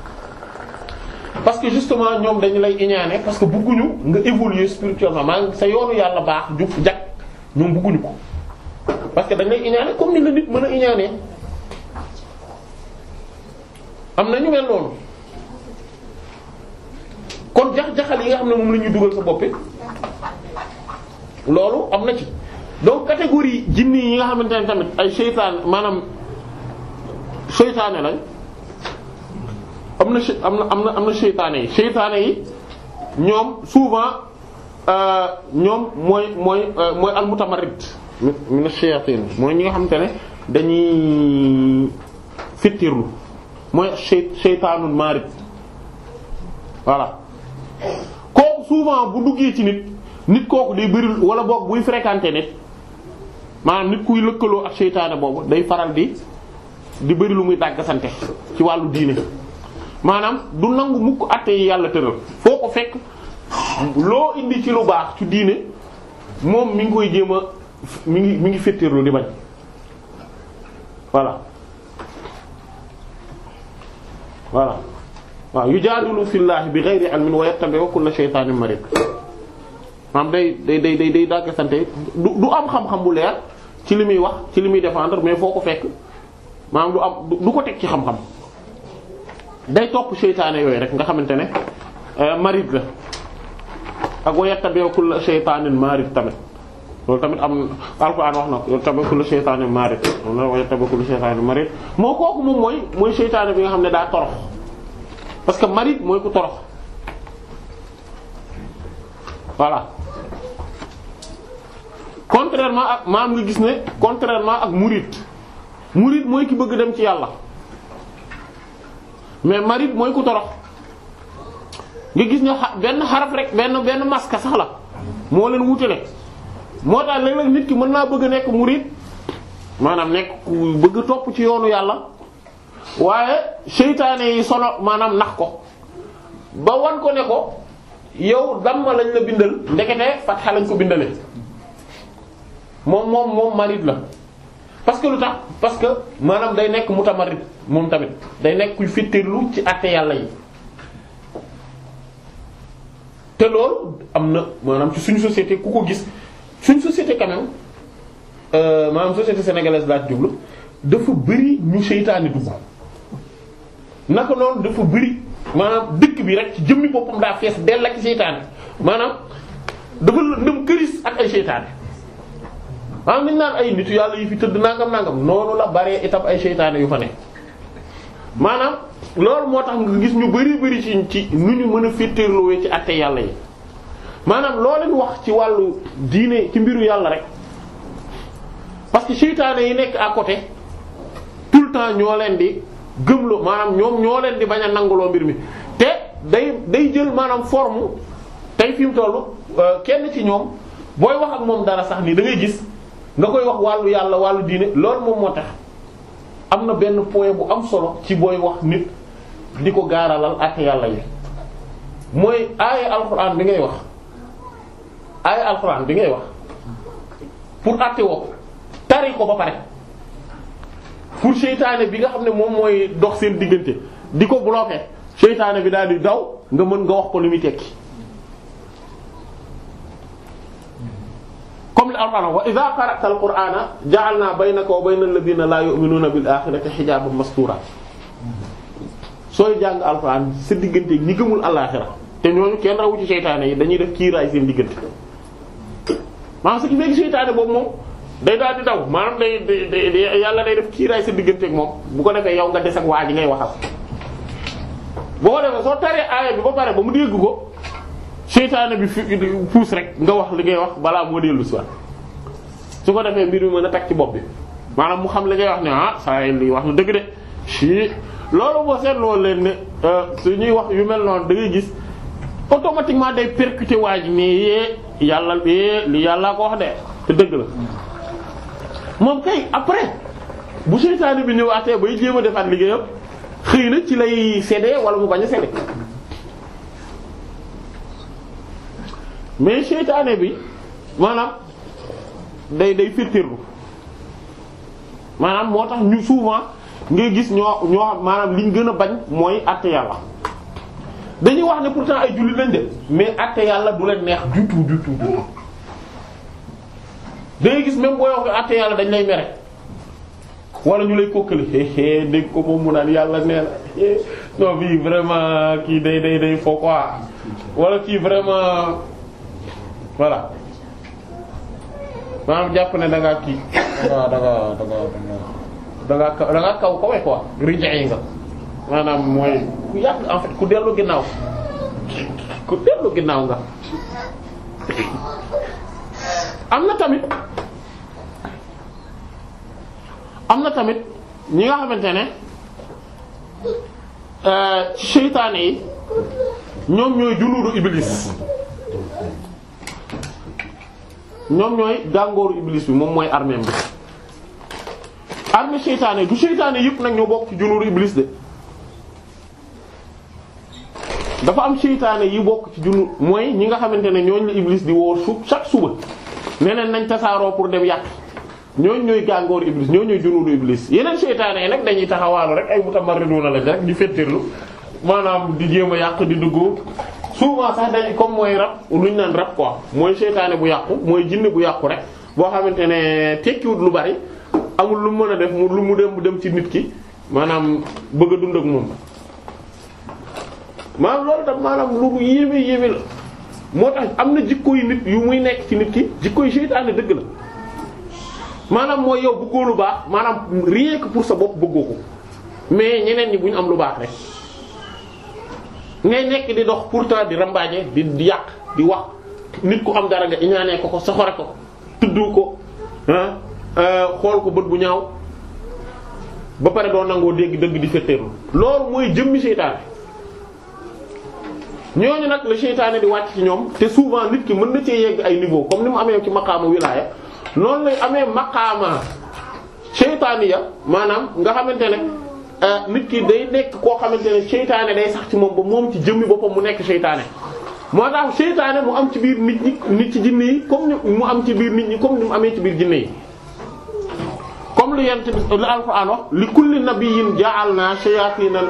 parce que justement ñoom dañu lay iñaane parce que bëgguñu nga évoluer spirituellement maanaam sa yoonu yàlla baax jub jag ñoom bëgguñu ko parce que dañ lay iñaane comme ni la nit mën a iñaanee am na ñu mel noonu kon jax-jaxal yi nga xam ne moom la ñuy dugal sa boppi loolu am na ci donc catégorie jinni yi nga xamante ne tamit ay seytaane maanaam seytaane lañ am na am na am na am na seytaane yi seytaane yi ñoom souvent euh, ñoom mooy mooy euh, mooy almutamarrid min ash-shayatin mooy ñi nga xamante ne dañuy fittirlu mooy seytaanul marid voilà kooku souvent bu duggee ci nit nit kooku day bëri wala boog buy fréquenter nit maanaam nit kuy lëkkaloo ak seytaane boobu day faral di di bëri lu muy dàggasante ci wàllu diine maanaam du nangu mukk atte yi yàlla tëral foo ko fekk loo indi ci lu baax ci diine moom mi ngi koy jéem a mi ngi mi ngi féttéerlu di bañ voilà voilà waaw yujaadilu fillaahi bi ghayri ilmin wa yattabi'u kulla shaytaanin marid maanaam day day day day day dagg du am xam-xam bu leer ci li muy wax ci li muy défendre mais foo ko fekk maanaam du am du ko teg ci xam-xam day topp seytaane yooyu rek nga xamante ne euh, marit la ak wa yattabi'u kulla shaytaanin marid tamit loolu tamit am alquran wax na ko yattabi'u kulla shaytaanin marid wa moo kooku moom mooy mooy seytaane bi nga xam ne daa torox parce que marit mooy ku torox voilà contrairement ak maam nga gis ne contrairement ak murid murid mooy ki bëgg dem ci yàlla mais marit mooy ku torox nga gis ne benn xaraf rek benn benn maska sax la moo leen wutale moo tax léeg-léeg nit ki mën naa bëgg a nekk murit maanaam nekk ku bëgg topp ci yoonu yàlla waaye seytaane yi solo maanaam nax ko ba wan ko ne ko yow damma lañ la bindal ndekete fatxa lañ ko bindale moom moom moom marid la parce que lu tax parce que maanaam day nekk mutamarrid moom tamit day nekk kuy fittirlu ci àtte yàlla yi te loolu am na maanaam ci suñu société ku ko gis suñu société quand euh, maanaam société sénégalaise laa jublu dafa bëri ñu seytaane dugg naka noonu dafa bëri maanaam dëkk bi rek ci jëmmi boppam daa fees dell ak seytaane maanaam dafa lëndëm këris ak ay seytaane am ah nañ naan ay nitu yàlla yu fi tëdd nangam nangam noonu la bare itam ay seytaane yu fa ne maanaam loolu moo tax nga gis ñu bari bari ci ci nu ñu mën a féeteerloo ci àtte yàlla yi maanaam loo leen wax ci wàllu diine ci mbiru yàlla rek parce que seytaane yi nekk à côté tout le temps ñoo leen di gëmloo maanaam ñoom ñoo leen di bañ a nanguloo mbir mi te day day jël maanaam forme tey fi mu toll euh, kenn ci ñoom booy wax ak moom dara sax ni da gis. nga koy wax wàllu yàlla wàllu diine loolu moom moo tax am na benn point bu am solo ci booy wax nit di ko gaaralal ak yàlla yi mooy aaya alxuraan bi ngay wax aaya alxuraan bi ngay wax pour àtte woo tari ko ba pare pour seytaane bi nga xam ne moom mooy dox seen diggante di ko bloquer seytaane bi daal di daw nga mën nga wax ko lu muy tekki comme li alquran wa idha qara'ta alqur'ana ja'alna baynaka wa bayna alladhina la yu'minuna bil akhirati hijaban mastura sooy jàng alquran sa diggante ñi gëmul te ñooñu kenn rawu ci seytaane yi dañuy def kiiraay seen diggante maanaam sa ki léegi seytaane boobu yàlla day def kiiraay sa digganteeg moom bu ko defee yow nga des ak waa ji ngay waxal boo ko defee soo taree aaya bi ba pare ba mu dégg ko seytaane bi fi puus rek nga wax li ngay wax balaa moo dellu si waat su ko defee mbir mi mën a teg ci bopp bi maanaam mu xam li ngay wax ne ah saa yi wax na dëgg de si loolu boo seetloo leen ne euh, su ñuy wax yu mel noonu da ngay gis automatiquement day percuter waa ji mais yee yàlla yee li yàllaa ko wax de te dëgg la moom kay après bu seytaane bi ñëwaatee bay jéem a defaat liggéeyam xëy na ci lay séddee wala mu bañ a séddee mais seytaane bi maanaam day day firtirlu maanaam moo tax ñu souvent ngay gis ñoo maanaam liñ gën a bañ mooy àtte yàlla dañuy wax ne pourtant ay jullit lañ de mais àtte yàlla du leen neex du tout dangay gis même booy wax àtte yàlla dañ lay mere wala ñu lay kokkali dégg ko moom mu naan yàlla nee na non bii vraiment kii day day day faux quoi wala kii vraiment. voilà maanaam jàpp ne da ngaa kii da da ngaa kaw kawe quoi rijee maanaam mooy ku yàq en fait ku dellu ginnaaw ku dellu ginnaaw nga am na tamit am na tamit ñi nga xamante ne euh, ci seytaane yi ñoom ñooy junuudu iblis ñoom ñooy gàngooru iblis bi moom mooy armée bi armée seytaane du seytaane yëpp nag ñoo bokk ci junóoru iblis dafa am seytaane yi bokk ci junóor mooy ñi nga xamante ne ñooñu la iblis di woor su chaque suba neneen nañ tasaaroo pour dem yàq ñooñ ñooy gàngooru iblis ñooñ ñooy junóoru iblis yeneen seytaane yi nag dañuy taxawaalu rek ay mutamarriduna lañ rek di fettirlu maanaam di jéem a yàq di dugg souvent sax dañ comme mooy rab ñu naan rab quoi mooy seytaane bu yàqu mooy jinne bu yàqu rek boo xamante ne tekkiwut lu bari amul lu mu mën a def mu lu mu dem dem ci nit ki maanaam bëgg a dund ak moom. maanaam loolu tam maanaam lu yéeme yéeme la moo tax am na jikko yu nit yu muy nekk ci nit ki jikko yu seytaane dëgg la maanaam mooy yow bëggoo lu baax maanaam rien que pour sa bopp bëggoo ko mais ñeneen ñi bu ñu am lu baax rek. ngay nekk di dox pourtant di rambaaje di di yàq di wax nit ku am dara nga iñaanee ko ko soxore ko tudd ko euh, xool ko bët bu ñaaw ba pare doo nangoo dégg dëgg di fetteeru loolu mooy jëmmi seytaane ñooñu nag la seytaane di wàcc ci ñoom te souvent nit ki mën na cee yegg ay niveau comme ni mu amee ci maqaama wilaaya noonu lay amee maqaama seytaani ya maanaam nga xamante ne Euh, nit ki day nekk koo xamante ne seytaane day sax ci moom ba moom ci jëmmi boppam mu nekk seytaane moo tax seytaane mu am ci biir nit ñi nit ci jinne yi comme ni mu am ci biir nit ñi comme ni mu amee ci biir jinne yi comme lu yent bi lu alxuraan wax li kulli nabiyyin ja'alna shayatina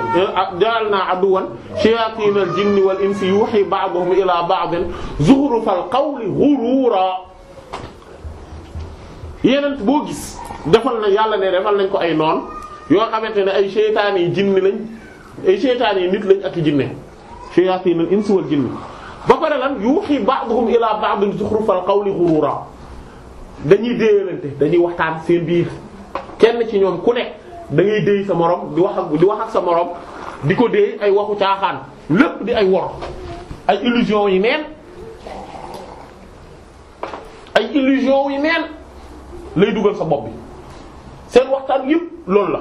ja'alna aduwan shayatina al jinni wal insi yuhi ba'dhum ila ba'din zuhrufal qawli ghurura yeneen boo gis defal na yàlla ne defal nañ ko ay noon yoo xamante ne ay seytaane yi jinne lañ ay seytaane yi nit lañ ak jinne shayaatinul insi wal jinni ba pare lan yuuhi ba'duhum ilaa ba'din zuxrufal qawli ghuruura dañuy déeyalante dañuy waxtaan seen biir kenn ci ñoom ku ne da ngay sa moroom di wax ak di wax ak sa moroom di ko déey ay waxu caaxaan lépp di ay wor ay illusion yi neen ay illusion yi neen lay dugal sa bopp seen waxtaan yëpp loolu la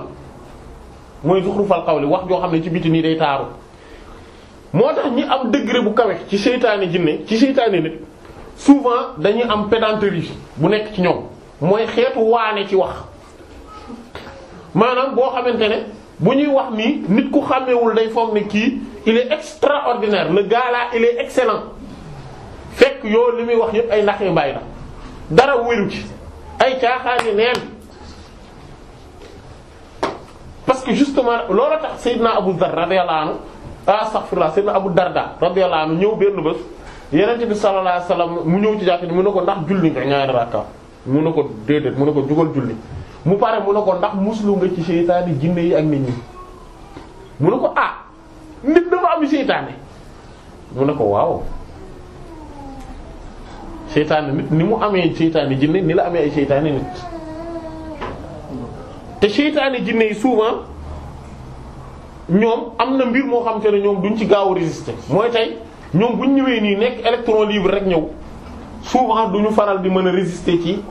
mooy zuxrufal qawli wax joo xam ne ci biti nii day taaru moo tax ñi am degré bu kawe ci seytaane jinne ci seytaane nit souvent dañuy am pédanterie bu nekk ci ñoom mooy xeetu waane ci wax maanaam boo xamante ne bu ñuy wax nii nit ku xàmmewul day foog ne kii il est extraordinaire le gars là excellent fekk yoo li muy wax yëpp ay ndax yu bàyyi la dara wéru ci ay caaxaani neen parce que justement a tax Seydina Abu Dar radiyallahu anhu ah, astaghfirullah Seydina Abu Darda radiyallahu anhu ñëw benn bés Yonent bi sallallahu alayhi wasallam mu ñëw ci jàkk ni mu ne ko ndax julli nga ñaari rakka mu ne ko déedéet mu ne ko jugal julli mu pare mu ne ko ndax muslu nga ci seytaane jinne yi ak ni ñi mu ne ko ah nit dafa am seytaane mu ne ko waaw seytaane nit ni mu amee seytaane jinne ni la amee ay seytaane nit te seytaane jinne yi souvent ñoom am na mbir moo xam te ne ñoom duñ ci gaaw a résister mooy tey ñoom buñ ñëwee nii nekk électron libre rek ñëw souvent duñu faral di mën a résister ci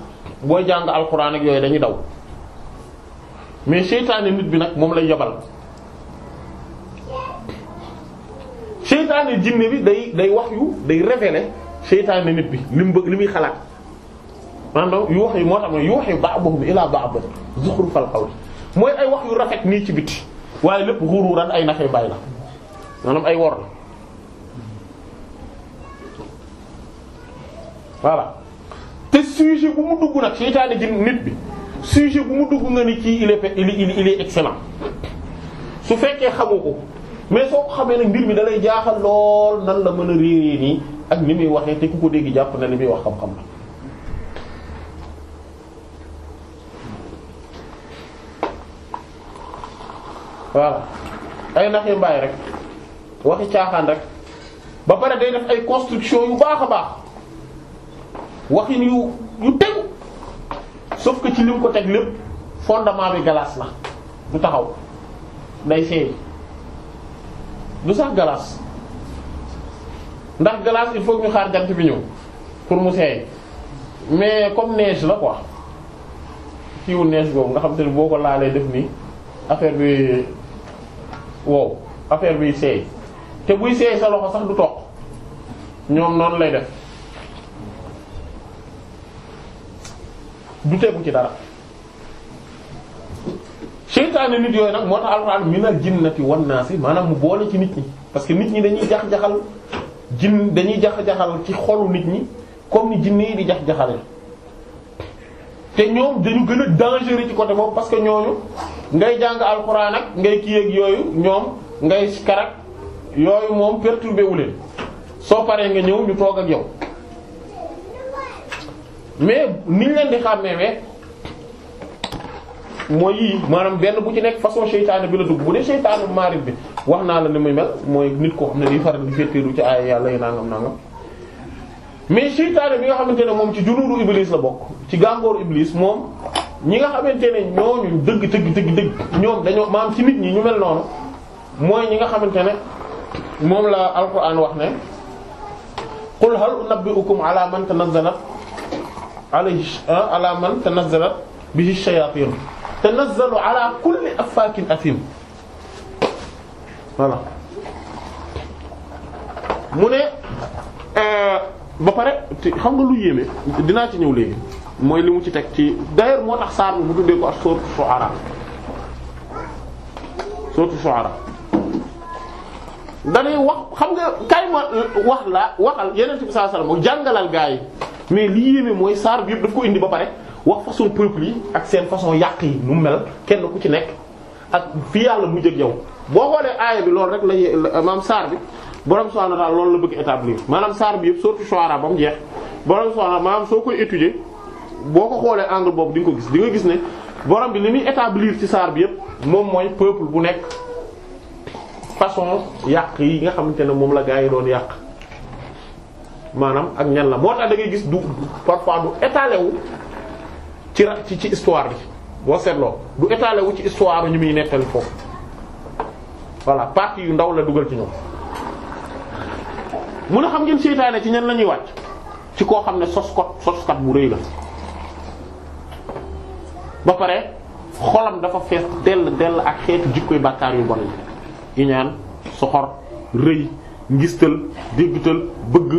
booy jàng alxuraan ak yooyu dañuy daw mais seytaane nit bi nag moom lay yabal. seytaane jinne bi day day wax yu day révéler seytaane nit bi lim bëgg li muy xalaat maanaam yu wax yi moo tax ne yu wax yu baax boobu ilaa baax ba zuxrufal xawli mooy ay wax yu rafet nii ci biti. waaye lépp xuruuraan ay naxee mbaay la maanaam ay wor la voilà te sujet bu mu dugg nag seytaane ji nit bi sujet bu mu dugg nga ni kii il est il est excellent su fekkee xamu ko mais soo xamee nag mbir mi dalay jaaxal lool nan la mën a réeree nii ak ni muy waxee te ku ko dégg jàpp na li muy wax xam-xam la voilà ay naxi rek waxi caaxaan rek ba pare day def ay construction yu baax a baax waxin yu yu tegu sauf que ci li mu ko teg lépp fondement bi galaas la du taxaw day seey du sax galaas ndax glace il faut ñu xaar jant bi ñëw pour mu seey mais comme neige la quoi kiiwu neige boobu nga xam te ne boo ko laalee def nii affaire bi. wow affaire bi seey te buy seey sa loxo sax du toq ñoom noonu lay def du tegu ci dara seytaane nit yooyu nag moo tax alxuraan minal jinnati wan naasi maanaam mu boole ci nit ñi parce que nit ñi dañuy jax-jaxal jinn dañuy jax-jaxal ci xolu nit ñi comme ni jinne yi di jax-jaxale te ñoom dañu gën a dangereux ci côté boobu parce que ñooñu ngay jàng alxuraan ak ngay kii ak yooyu ñoom ngay karak yooyu moom perturbé wu soo paree nga ñëw ñu toog ak yow mais niñ leen di xàmmee mooy yii maanaam benn bu ci nekk façon seytaane bi la dugg bu dee seytaane bu bi wax naa la ni muy mel mooy nit koo xam ne di faral di féeteeru ci ay yàlla yi nangam nangam. mais seytaane bi nga xamante ne moom ci junuudu iblis la bokk ci gàngooru iblis moom ñi nga xamante ne ñooñu dëgg dëgg dëgg ñoom dañoo maam ci nit ñi ñu mel noonu mooy ñi nga xamante ne moom la alquran wax ne qul hal unabbi'ukum ala man tanazzalat alayhi ah, ala man tanazzalat bihi shayatin tanazzalu ala kulli mu ne euh, ba pare xam nga lu yéeme dinaa ci ñëw léegi mooy li mu ci teg ci d'ailleurs moo tax saar mu tuddee ko ak sourate Shu'ara sourate Shu'ara danay wax xam nga kay ma wax la waxal yeneen bi sallallahu alayhi wasallam jàngalal gaa yi mais li yéeme mooy saar bi yëpp daf ko indi ba pare wax façon peuple yi ak seen façon yàq yi mu mel kenn ku ci nekk ak fi yàlla mu jëg yow boo xoolee aaya bi loolu rek la maam saar bi borom subhaanahu wa daal loolu la bëgg établir maanaam saar bi yëpp surtout Shu'ara ba mu jeex borom subhaanahu maanaam soo koy étudier boo ko xoolee angle boobu di ko gis di nga gis ne borom bi li muy établir ci saar bi yëpp moom mooy peuple bu nekk façon yàq yi nga xamante ne moom la gaa yi doon yàq maanaam ak ñan la moo tax da gis du parfois du étalé wu ci ra ci ci histoire bi boo seetloo du étalé wu ci histoire ñu muy nettali foofu voilà partie yu ndaw la dugal ci ñoom. mun a xam ngeen seytaane ci ñan la ñuy wàcc ci koo xam ne soskot soskat bu rëy la ba pare xolam dafa fees dell dell ak xeetu jikkoy bàkkaar yu bon yi iñaan soxor rëy ngistal déggital bëgg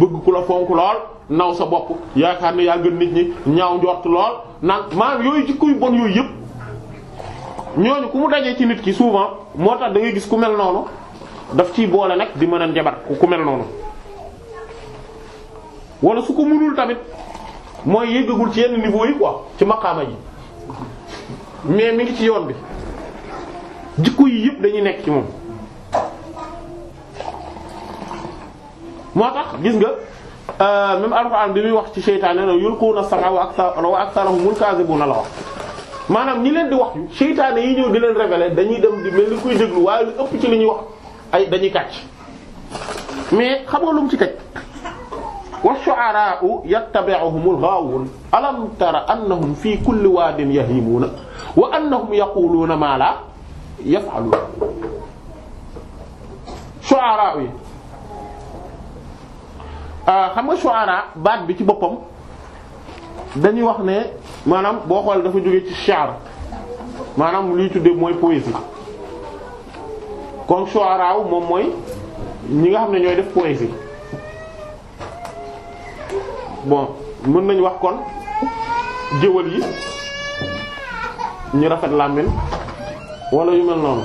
bëgg ku la fonk lool naw sa bopp yaakaar ne yaa gën nit ñi ñaaw njort lool naan maanaam yooyu jikko bon yooyu yëpp ñooñu ku mu dajee ci nit ki souvent moo tax da gis ku mel noonu daf ciy boole nag di mën a njabar ku mel noonu wala su ko mënul tamit mooy yéggagul ci yenn niveau yi quoi ci maqaama ji mais mi ngi ci yoon bi jikko yi yëpp dañuy nekk ci moom moo tax gis nga euh, même alxuraan bi muy wax ci seytaane la a sama wa akthar wa aktharuhumul kaazibuna la wax maanaam ñi leen di wax yu seytaane yi ñëw di leen révéler dañuy dem di mel ni kuy déglu waaye lu ëpp ci li ñuy wax ay dañuy kàcc mais xam nga lu mu ci teg wa shu'araa'u yattabi'uhumul ghaawuun alam tara annahum fii kulli waadin yahimuuna wa annahum yaquluuna maa laa yaf'aluun shu'araa'u yi ah, xam nga shu'araa baat bi ci boppam dañuy wax ne maanaam boo xool dafa jóge ci shi'r maanaam liy tuddee mooy poésie kon shu'ara moom mooy ñi nga xam ne ñooy def poésie bon mën nañu wax kon géwël yi ñu rafet làmmiñ wala yu mel noonu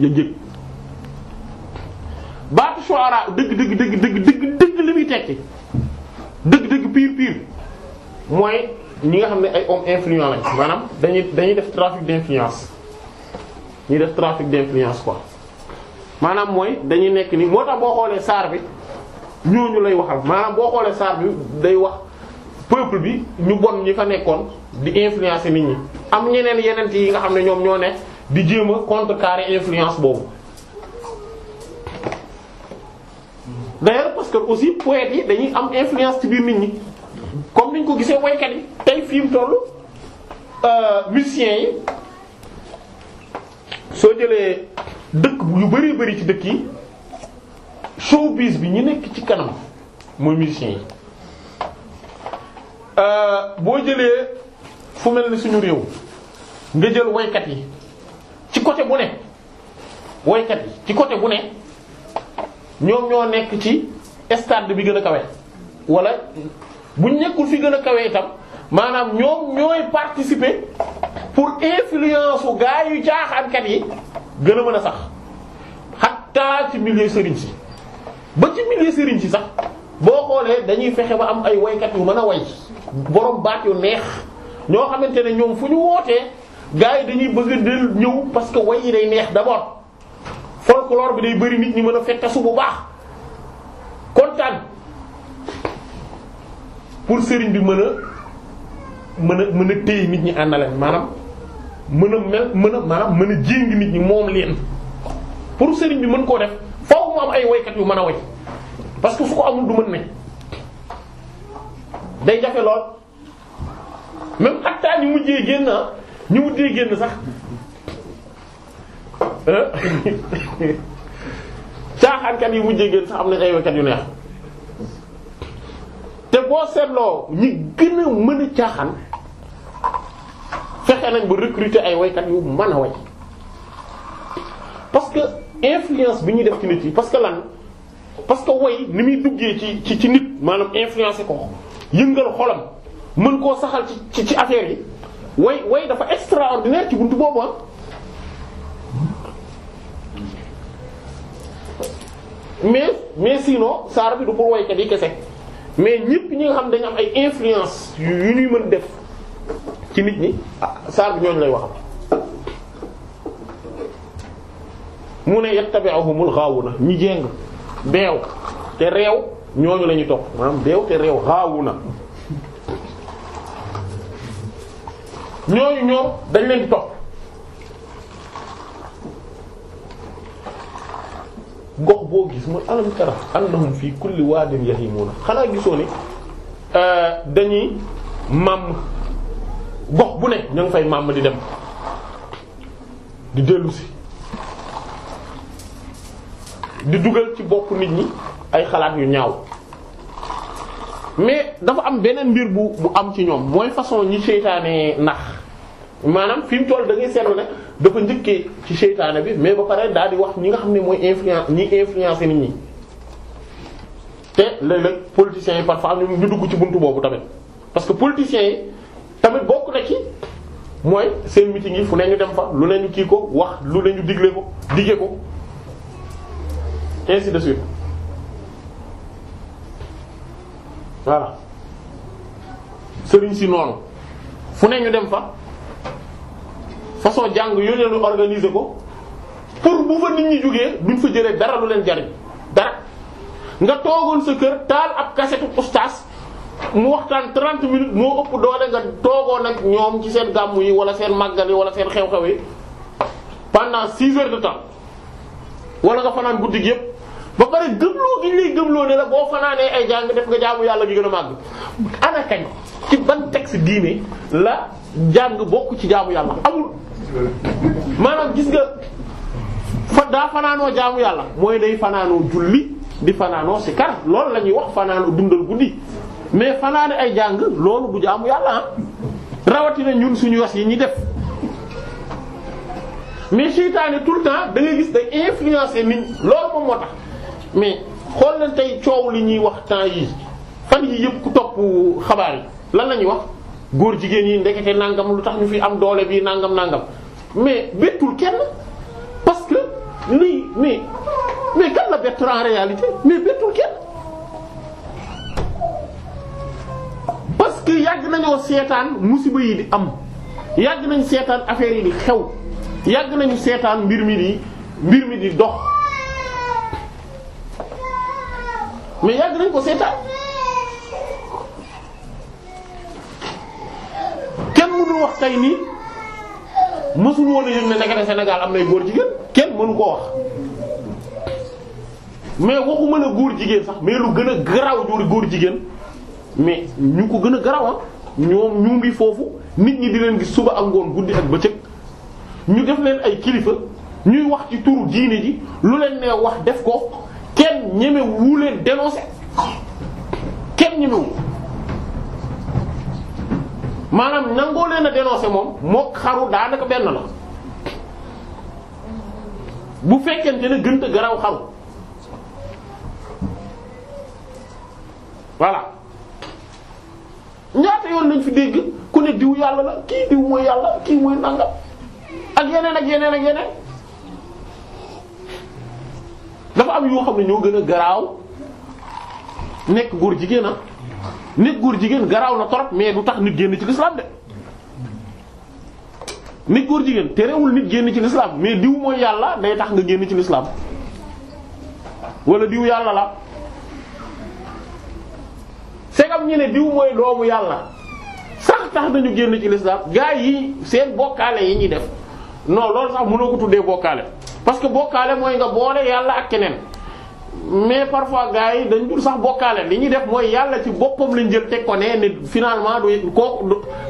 yëg-yëg baatu shu'ara dëgg dëgg dëgg dëgg dëgg dëgg li muy tekki dëgg dëgg pire pire mooy ñi nga xam ne ay hommes influents maanaam dañuy dañuy def trafic d'influence ñuy def trafic d'influence ko maanaam mooy dañuy nekk ni moo tax boo xoolee saar bi ñooñu lay waxal maanaam boo xoolee saar bi day wax peuple bi ñu bon ñi fa nekkoon di influencer nit ñi am ñeneen yeneen yi nga xam ne ñoom ñoo ne di jéem a contrecarrer influence boobu d'ailleurs parce que aussi poètes yi dañuy am influence ci biir nit ñi comme niñ ko gisee waykat yi tey fi mu toll euh, musiciens yi soo jëlee dëkk yu bari bari ci dëkk yi showbiz bi ñu nekk ci kanam mooy musiciens yi euh, boo jëlee fu mel ni suñu réew nga jël waykat yi ci côté bu ne woykat yi ci côté bu ne ñoom ñoo nekk ci stade bi gën a kawe wala buñ nekkul fi gën a kawee itam maanaam ñoom ñooy participer pour influence yu gaa yu caaxaankat yi gën a mën a sax xattaa ci milieu sëriñ si ba ci milieu sëriñ si sax boo xoolee dañuy fexe ba am ay woykat yu mën a way borom baat yu neex ñoo xamante ne ñoom fu ñu wootee gars yi dañuy bëgg del ñëw parce que way yi day neex d'abord folklore bi day bëri nit ñi mën a fekkasu bu baax kontaan pour sëriñ bi mën a mën a mën a téye nit ñi ànd maanaam mën a mën a mën a jéng nit leen pour sëriñ bi mën koo def faaw am ay waykat yu mën a way parce que su amul du mën nañ day jafe lool même attaques yu mujjee génn ñu mujjee génn sax caaxaankat yi mujjee génn sax am na ay waykat yu neex te boo seetloo ñu gën a mën a caaxaan fexe nañ ba recruter ay waykat yu mën a way parce que influence bi ñuy def ci nit yi parce que lan parce que way ni muy duggee ci ci ci nit maanaam influencer ko yëngal xolam mën koo saxal ci ci yi way way dafa extraordinaire ci buntu boobu ah. mais mais sinon saar bi du pour waykat yi kese mais ñëpp ñi nga xam dañu am ay influence yu ñuy mën def ci nit ñi ah, saar bi ñooñu lay wax mu ne yattabi'uhumul ghaawuna ñi jéng beew te réew ñooñu la ñuy topp maanaam beew te réew na ñooñu ñoom dañ leen di topp gox boo gis mooy alam tara annahum fii kulli waadin yahimuuna xanaa gisoo ni euh, dañuy màmm gox bu ne ñu ngi fay màmm di dem di dellu di dugal ci bopp nit ñi ay xalaat yu ñaaw mais dafa am beneen mbir bu bu am ci ñoom mooy façon ñi seytaane nax maanaam fi mu toll da ngay seetlu ne dafa njëkkee ci seytaane bi mais ba pare daal di wax ñi nga xam ne mooy influence ñi influencer nit ñi. te léeg-léeg politiciens yi parfois ñu dugg ci buntu boobu tamit parce que politiciens yi tamit bokk na ci mooy seen meeting yi fu ne ñu dem fa lu ne ñu kii ko wax lu ne ñu digle ko dige ko ainsi de suite. voilà sëriñ si noonu fu ne ñu dem fa façon jàng yónnee lu organiser ko pour bu fa nit ñi jógee duñ fa jëlee dara lu leen jariñ dara nga toogoon sa kër taal ab kasetu ustaas mu waxtaan 30 minutes moo ëpp doole nga toogoon ak ñoom ci seen gàmm yi wala seen màggal yi wala seen xew-xew yi pendant 6 heures de temps wala nga fanaan guddi gi yépp ba pare gëmloo gi lay gëmloo ne la boo fanaanee ay jàng def nga jaamu yàlla gi gën a màgg ana kañ ci ban texte diine la jàng bokk ci jaamu yàlla amul maanaam gis nga fa daa fanaanoo jaamu yàlla mooy day fanaanoo julli di fanaanoo si kar loolu la ñuy wax fanaanoo dundal guddi mais fanaane ay jàng loolu bu jaamu yàlla ah rawatina ñun suñu was yi ñi def mais seytaane tout le temps da ngay gis day influencer nit loolu moom moo tax mais xool leen tey coow li ñuy wax temps yi fan yi yëpp ku topp xabaar yi lan la ñuy wax góor jigéen yi ndekete nangam lu tax ñu fi am doole bi nangam nangam mais bettul kenn parce que lii mais mais kan la bett en réalité mais bettul kenn. parce que yàgg nañoo seetaan musiba yi di am yàgg nañ seetaan affaire yi di xew yàgg nañu seetaan mbir mi di mbir mi di dox. mais yàgg nañ ko seetaan kenn mënul wax tey nii mësul woon a yëg ne ndekete Sénégal am nay góor jigéen kenn mënu koo wax mais waxu mën a góor jigéen sax mais lu gën a garaw juri góor jigéen mais ñu ko gën a garawa ah, ñoom ñu ngi foofu nit ñi di leen gis suba ak ngoon guddi ak bëccëg ñu def leen ay kilifa ñuy wax ci turu diine ji lu leen ne wax def ko ñeme wu leen dénoncer kenn ñemewu maanaam nangoo leen a moom moo xaru daanaka benn la bu fekkente gënt gënta garaw xaru voilà ñaata yoon lañ fi dégg ku ne diw yàlla la kii diw mooy yàlla kii mooy nangam ak yeneen ak yeneen ak yeneen dafa am yoo xam ne ñoo gën a garaaw nekk góor jigéen ah nekk góor jigéen garaaw na trop mais du tax nit génn ci lislaam de nit góor jigéen terewul nit génn ci lislaam mais diw mooy yàlla day tax nga génn ci lislaam wala diw yàlla la segam ñi ne diw mooy doomu yàlla sax tax nañu génn ci lislaam gaa yi seen bokkaale yi ñuy def non loolu sax mënoo ko tuddee bokkaale parce que bokkaale mooy nga boole yàlla ak keneen mais parfois gars yi dañ dul sax bokkaale li ñuy def mooy yàlla ci boppam lañ jël teg ko ne ne finalement du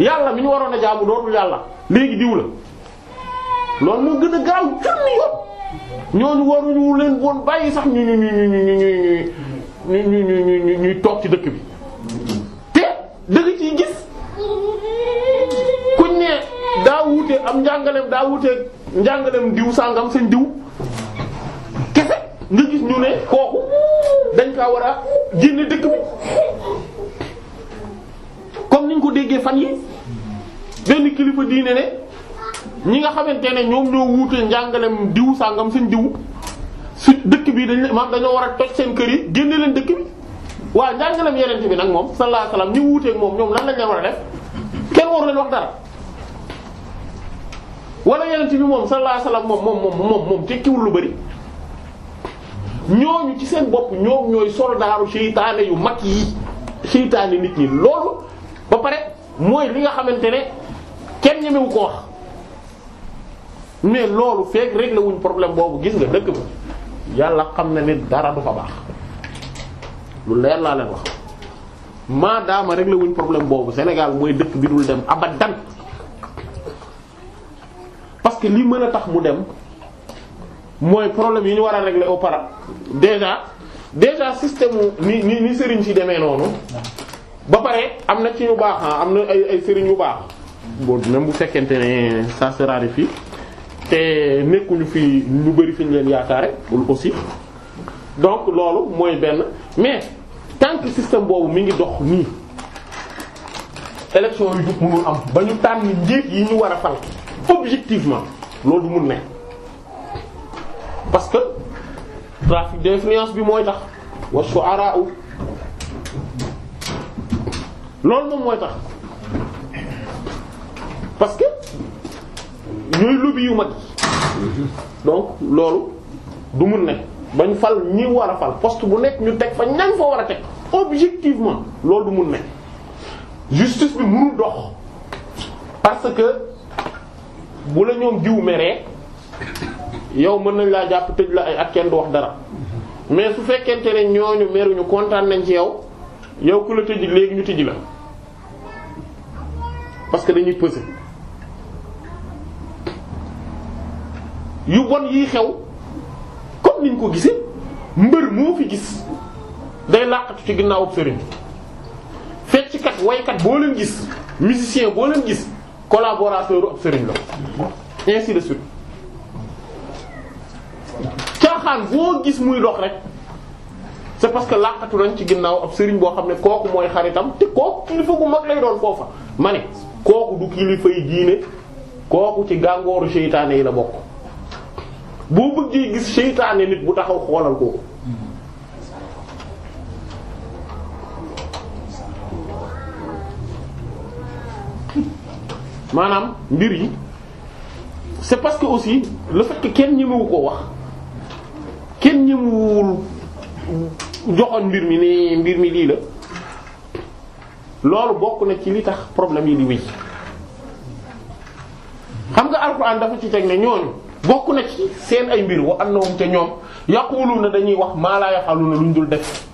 yàlla mi ñu waroon a jaamu dootul yàlla léegi diw loolu moo gën a gaaw junni yoon ñooñu waruñu leen woon bàyyi sax ñu ñu ñu ñu ñu ñu ñu ñu ñu ñuy toog ci dëkk bi te dëgg ciy gis kuñ ne. daa wuute am njàngaleem daa wuuteeg njàngaleem diw sàngam seen diw kese nga gis ñu ne kooku dañ kaa war a génne dëkk bi comme niñ ko déggee fan yi benn kilifa diine ne ñi nga xamante ne ñoom ñoo wuute njàngaleem diw sàngam seen diw su dëkk bi dañ maam dañoo war a toj seen kër yi génne leen dëkk bi waaw njàngaleem yeneen bi nag moom sallallahu alayhi wasallam ñi wuuteeg moom ñoom lan lañ leen war a def kenn waru leen wax dara. wala yonent bi moom sallallahu alayhi wasallam moom moom moom moom moom tekkiwul lu bari ñooñu ci seen bopp ñoom ñooy soldaaru seytaane yu mag yi seytaane nit ñi loolu ba pare mooy li nga xamante ne kenn ñemewu ko wax mais loolu feek réglé wuñ problème boobu gis nga dëkk ba yàlla xam na ne dara du fa baax lu leer laa leen wax maadaama réglé wuñ problème boobu Sénégal mooy dëkk bi dul dem abadan parce que li mën a tax mu dem mooy problème yi ñu war a régler au para déjà déjà système ni ni ni sëriñ si demee noonu ba pare am na ci ñu baax ah am na ay ay sëriñ yu baax bon même bu fekkente ne ça se raréfie te nekkuñu fi ñu bari fi ñu leen yaakaare aussi donc loolu mooy benn mais tant système boobu mi ngi dox nii élection yu jub mënul am ba ñu tànn njiit yi ñu war a fal objectivement loolu du mun ne parce que trafic d'influence bi mooy tax wa shu'ara loolu moom mooy tax parce que ñooy lobby yu mag donc loolu du mun ne bañ fal ñi war a fal poste bu nekk ñu teg fa ñan fa war a teg objectivement loolu du mun ne justice bi mënul dox parce que bu la ñoom jiw meree yow mën nañ laa jàpp tëj la ay ak kenn du wax dara mais su fekkente ne ñooñu meruñu kontaan nañ ci yow yow ku la tëj léegi ñu tëj la parce que dañuy peser yu bon yii xew comme niñ ko gisee mbër moo fi gis day làqatu ci ginnaawu sëriñ fecckat waykat boo leen gis musicien boo leen gis. collaborateur ab sëriñ la ainsi de suite caaxaan boo gis muy dox rek c'est parce que laqatu nañ ci ginnaaw ab sëriñ boo xam ne kooku mooy xaritam te kooku kilifa gu mag lay doon foofa ma ne kooku du kilifa diine kooku ci gàngooru seytaane yi la bokk boo bëggee gis seytaane nit bu taxaw xoolal kooku maanaam mbir yi c'est parce que aussi la fait que kenn ñemewu koo wax kenn ñemewul joxoon mbir mi ne mbir mi lii la loolu bokk na ci li tax problème yi di wéy xam nga alxuraan dafa ci teg ne ñooñu bokk na ci seen ay mbir wa annahum te ñoom yaquluna dañuy wax maa laa yaquluna luñ dul def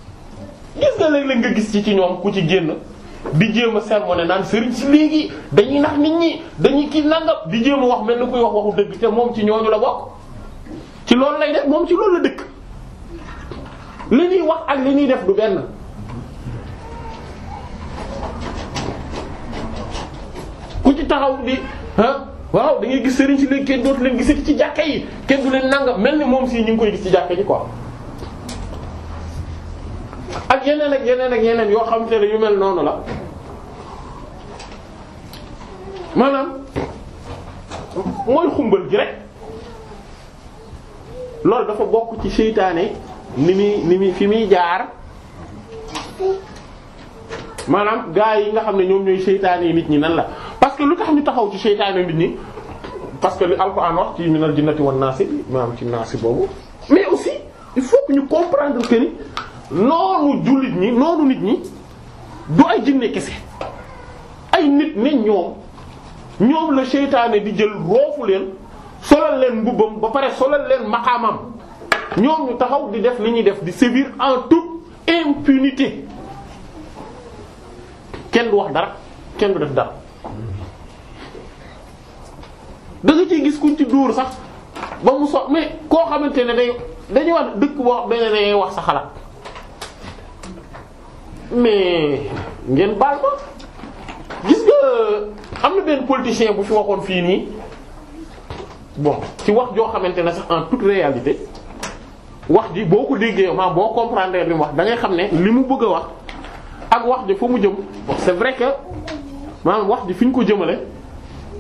gis nga léeg-léeg nga gis ci ci ñoom ku ci génn di jéem a sermonné naan sëriñ si léegi dañuy nax nit ñi dañuy kii nangam di jéem a wax mel ni kuy wax waxu dëgg te moom ci ñooñu la bokk ci loolu lay def moom ci loolu la dëkk li ñuy wax ak li ñuy def du benn. ku ci taxaw di ah waaw da ngay gis sëriñ si léegi kenn dootu leen gisati ci jàkka yi kenn du leen nangam mel ni moom si ñu ngi koy gis ci jàkka ji quoi. ak yeneen ak yeneen ak yeneen yoo xam te ne yu mel noonu la maanaam mooy xumbal gi rek loolu dafa bokk ci seytaane ni muy ni muy fi muy jaar maanaam gaa yi nga xam ne ñoom ñooy seytaane nit ñi nan la parce que lu tax ñu taxaw ci seytaane nit ñi parce que li wax ci minal jinnati wan naasi bi maanaam ci naasi boobu mais aussi il faut que ñu comprendre que noonu jullit ñi noonu nit ñi du ay jinne kese ay nit ne ñoom ñoom la seytaane di jël roofu leen solal leen mbubbam ba pare solal leen maqaamam ñoom ñu taxaw di def li ñuy def di sévir en toute impunité kenn du wax dara kenn du def dara da nga gis kuñ ci dóor sax ba mu so mais koo xamante ne day dañu wax dëkk boo xam ne wax sa xalaat. mais ngeen baal ma gis nga am na benn politicien bu fi waxoon fii nii bon ci wax joo xamante ne sax en toute réalité wax ji boo ko déggee ma boo comprendre li mu wax da ngay xam ne li mu bëgg a wax ak wax ji fa mu jëm bon c'est vrai que maanaam wax ji fi ñu ko jëmale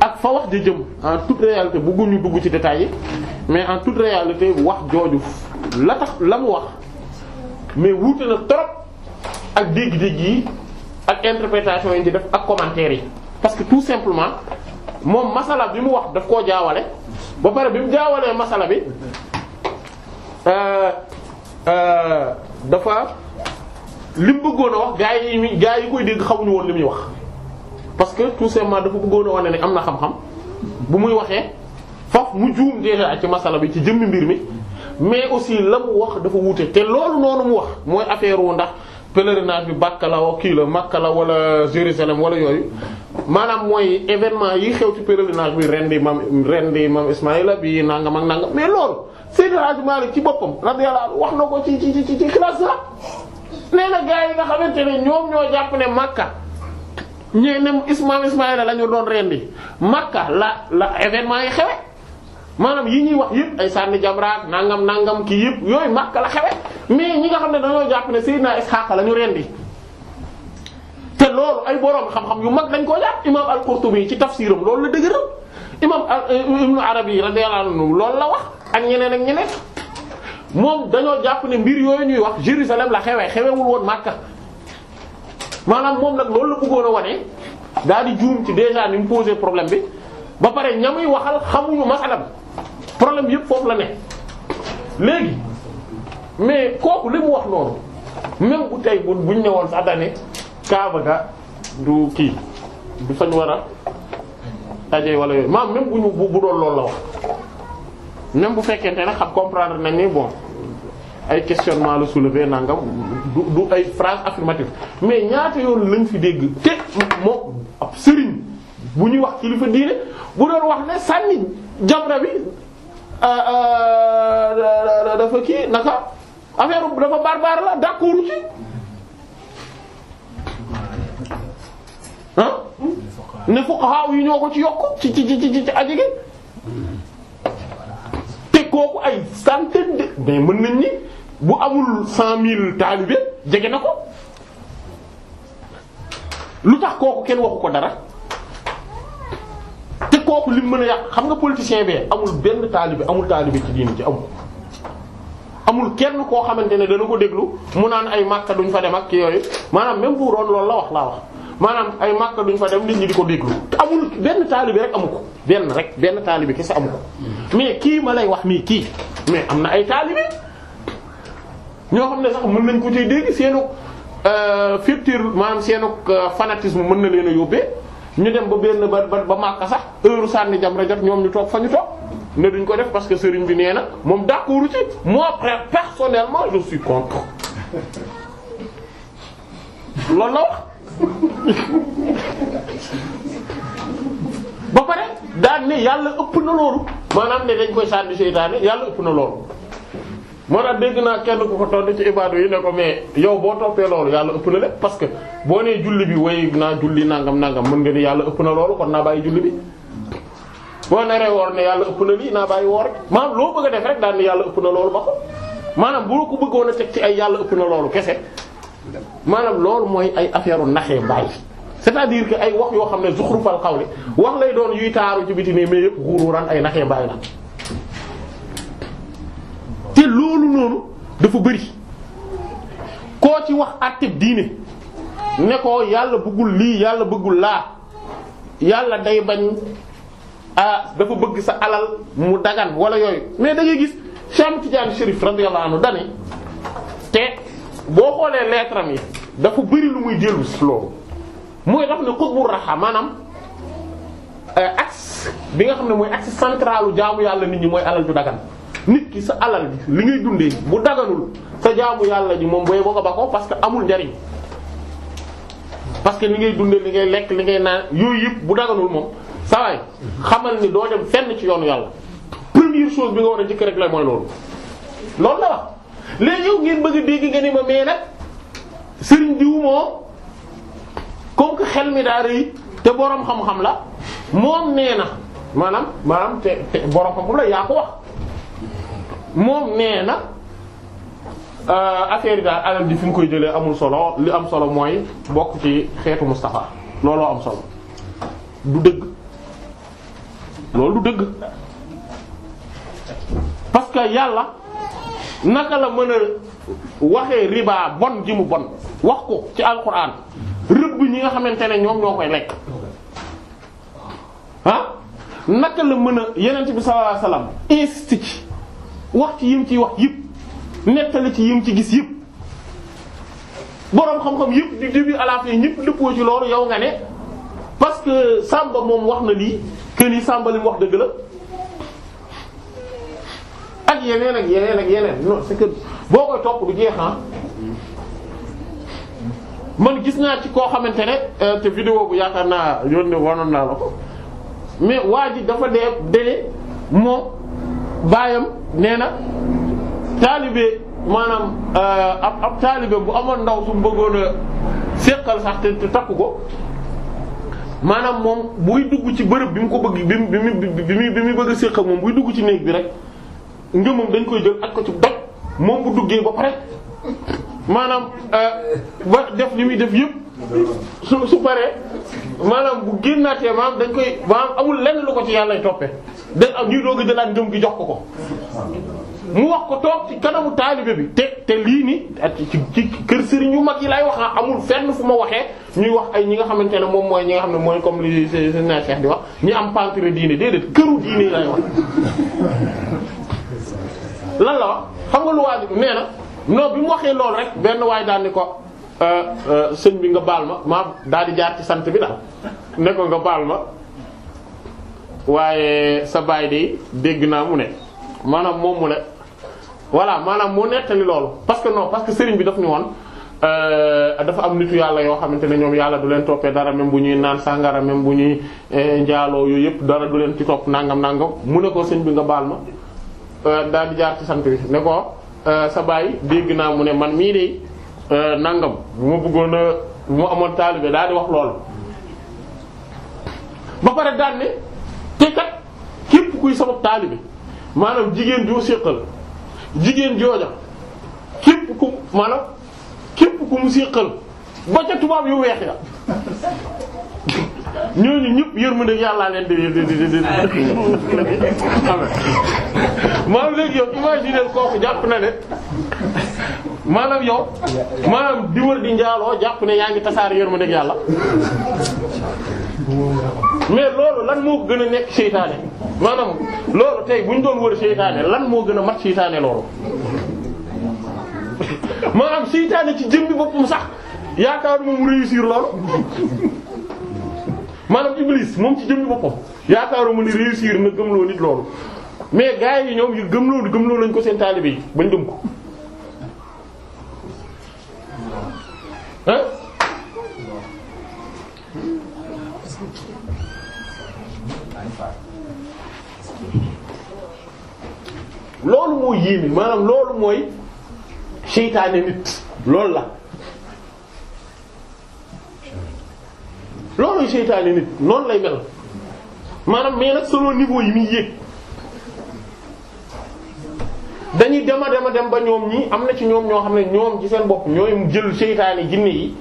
ak fa wax ji jëm en toute réalité bëgguñu dugg ci détails yi mais en tout réalité wax jooju la tax la mu wax mais wuute na trop ak dégg-dégg yi ak interprétation yi di def ak commentaires yi parce que tout simplement moom masala bi mu wax daf koo jaawale ba pare bi mu jaawalee masala bi euh, euh, dafa li mu bëggoon a wax gaa yi gaa yi koy dégg xamuñu woon li muy wax parce que tout simplement dafa bëggoon a wane ne am na xam-xam bu muy waxee faf mu juum déjà ci masala bi ci jëmmi mbir mi mais aussi la mu wax dafa wuute te loolu noonu mu wax mooy affaire wu ndax pèlerinage bi Bakka la kii la Makka la wala Jérusalem wala yooyu maanaam mooy événement yi xew ci pèlerinage bi ren di maam ren di maam Ismaïla bi nanga ak nangam mais lool Seydi Hadji Malick ci boppam radiyallahu anhu wax na ko ci ci ci ci classe la nee na gaa yi nga xamante ne ñoom ñoo jàpp ne Makka ñee ne Ismaam Ismaïla la ñu doon ren di Makka la la événement yi xewe maanaam yi ñuy wax yëpp ay sànni jamraak nangam nangam kii yëpp yooyu Makka la xewe mais ñi nga xam ne dañoo jàpp ne Seydina Isxaaq la ñu rendi te loolu ay boroom xam-xam yu mag dañ koo jàpp imaam al-Qurtubi ci tafsiram loolu la dëgëral imaam euh, Ibnu Arabi radiyallahu anhu loolu la ak ñeneen ak ñeneen moom dañoo jàpp ne mbir yooyu ñuy wax Jérusalem la xewee xewewul woon Makka maanaam moom nag loolu la bëggoon a wane daal di juum ci déjà ni mu problème bi ba pare ñamuy waxal xamuñu masala bi problème yëpp foofu la ne léegi mais kooku li wax noonu même bu tey bu buñ ne woon sax kaaba ga du kii du fañ war a daje wala yooyu maam même bu ñu bu doon loolu la wax même bu fekkente ne xam comprendre nañ ni bon ay questionnement la soulever nangam du ay phrase affirmative mais ñaata yoon lañ fi dégg te moom ab sëriñ bu ñuy wax kilifa diine bu doon wax ne sànni jamra bi Euh, euh, dafa kii naka affaire dafa barbare la d'accord ci ah ne fuqaha yi ñoo ko ci yokk ci ci ci ci aji gi te kooku ay centaine de mais mën nañ ni bu amul cent mille taalibe jege na ko lu tax kooku kenn waxu ko dara. te kooku lim mën a yàq xam nga politicien bee amul benn taalibe amul taalibe ci diini ci amul. amul kenn koo xamante ne dana ko déglu mu naan ay màkka duñ fa dem ak yooyu maanaam même bu roon loolu la wax laa wax maanaam ay màkka duñ fa dem nit ñi di ko déglu amul benn taalibe rek amu ko benn rek benn taalibe kese amu ko mais kii ma lay wax nii kii mais am na ay taalibe ñoo xam ne sax mën nañ ko ci dégg seenu euh, fiptir maanaam seenu euh, fanatisme mën na leen a yóbbee ñu dem ba benn ba ba Makka sax heure sànni jamra jot ñoom ñu toog fa ñu toog ne duñ ko def parce que sëriñ bi nee na moom d'accord ci moi personnellement je suis contre loolu la wax ba pare daan ne yàlla ëpp na loolu maanaam ne dañ koy sànni seytaane yàlla ëpp na loolu moo tax dégg naa kenn ku ko tontu ci ibaadu yi ne ko mais yow boo toppee loolu yàlla ëpp na lépp parce que boo nee julli bi way naa julli nangam nangam mën nga ni yàlla ëpp na loolu kon naa bàyyi julli bi. boo naree woor ne yàlla ëpp na lii naa bàyyi woor maanaam loo bëgg a def rek daal ni yàlla ëpp na loolu ba ko maanaam bu ko bëggoon a teg ci ay yàlla ëpp na loolu kese maanaam loolu mooy ay affaire naxee bàyyi. c'est-à-dire que ay wax yoo xam ne zuxrufal xawli wax lay doon yuy taaru ci biti ay naxee bàyyi te loolu noonu dafa bëri koo ci wax àtteb diine ne yàlla bëggul lii yàlla bëggul laa yàlla day bañ ah dafa bëgg sa alal mu dagan wala yooyu mais da ngay gis Cheikh Tidiane Chérif radiyallahu anhu dane te boo xoolee lettre yi dafa bëri lu muy dellu si loolu mooy daf ne xutbu raxa maanaam euh, axe bi nga xam ne mooy axe centralu jaamu yàlla nit ñi mooy alal ju dagan nit ki sa alal ji li ngay dundee bu daganul sa jaamu yàlla ji moom booy bokk ba ko parce que amul njariñ parce que li ngay dundee li ngay lekk li ngay naan yooyu yëpp bu daganul moom saa xamal ni doo dem fenn ci yoonu yàlla première chose bi nga war a njëkk rek la mooy loolu. loolu la wax léegi yow ngeen bëgg a dégg nga ni ma mais nag sëriñ diw comme que xel mi daa rëy te boroom xam-xam la moom nee na maanaam maanaam te boroom xam-xam la yaa ko wax. moom nee na euh, affaire yi daal alal ji fi mu koy jëlee amul solo li am solo mooy bokk ci xeetu Moustapha looloo am solo du dëgg loolu du dëgg parce que yàlla naka la mën a waxee riba bon ji mu bon wax ko ci alquran rëbb ñi nga xamante ne ñoom ñoo koy lekk ah naka la mën a yenent bi sallallahu alayhi wasallam wax ci yim ci wax yëpp nettali ci yim ci gis yëpp boroom xam-xam yëpp di début à la fin ñëpp yow nga ne parce que Samba moom wax na lii kër yi Samba li mu wax dëgg la ak yeneen ak yeneen ak yeneen non c'est que boo koy topp du jeex ah. man gis naa ci koo xamante ne euh, te vidéo bu yaakaar naa yónnee wanoon naa la ko mais waa ji dafa dee dee moom. baayam nee na taalibe maanaam euh, ab ab taalibe bu amoon ndaw su bëggoon a seqal sax te takku ko maanaam moom buy dugg ci bërëb bi mu ko bëgg bi mu bi mu bi mu bëgg a moom buy dugg ci néeg bi rek ngëmam dañ koy jël ak ko ci doj moom bu duggee ba pare maanaam euh, def li muy def yëpp su su paree maanaam bu génnaatee maanaam dañ koy maanaam amul lenn lu ko ci yàlla lay toppee. dañ am ñuy doog a jëlaat ngëm gi jox ko ko. mu wax ko toog ci kanamu taalibe bi te te lii nii ci ci kër sëriñ yu mag yi lay wax amul fenn fu ma waxee ñuy wax ay ñi nga xamante ne moom mooy ñi nga xam ne mooy comme li sëñ na Cheikh di wax ñi am pantre diine déedéet këru diine lay wax. lan la wax xam nga lu waa nee na non bi mu waxee loolu rek benn waay daal ni ko euh, euh, sëñ bi nga baal ma maa daal di jaar ci sant bi daal ne ko nga baal ma. waaye sa baay de dégg naa mu ne maanaam moom mu ne voilà maanaam moo nettali loolu parce que non parce que sëriñ bi daf ñu woon euh, dafa am nitu yàlla yoo xamante ne ñoom yàlla du leen toppee dara même bu ñuy naan sàngara même bu ñuy euh, njaaloo yooyu yëpp du leen ci topp nangam nangam mu ne ko sëñ bi nga baal ma euh, daal di jaar ci sant bi ne ko sa baay dégg naa mu ne man mii de nangam bu ma bëggoon a bu ma amoon taalibe daal di wax loolu ba pare daal ne te kat képp kuy sama taalibe maanaam jigéen joo séqal jigéen jooja képp ku maanaam képp ku mu séqal ba tubaab yu weex ya ñooñu ñëpp yërmande yàllaa leen di di di di maanaam léegi yow imaginer kooku jàpp na ne maanaam yow maanaam di wër di njaaloo jàpp ne yaa ngi tasaar yërmande ak yàlla mais loolu lan moo gën a nekk seytaane maanaam loolu tey bu ñu doon wër seytaane lan moo gën a mat seytaane loolu maanaam seytaane ci jëm bi boppam sax yaakaar moom réussir loolu maanaam iblis moom ci jëm bi boppam yaakaaru mu ni réussir na gëmloo nit loolu mais gars yi ñoom yu gëmloo gëmloo lañ ko seen taalibe bañ dëm ko ah loolu moo yéeme maanaam loolu mooy seytaane nit loolu la loolu seytaane nit noonu lay mel maanaam mais nag selon niveau yi muy dañuy dem a dem a ba ñoom ñi am na ci ñoom ñoo xam ne ñoom ci seen bopp ñooy jël seytaane jinne yi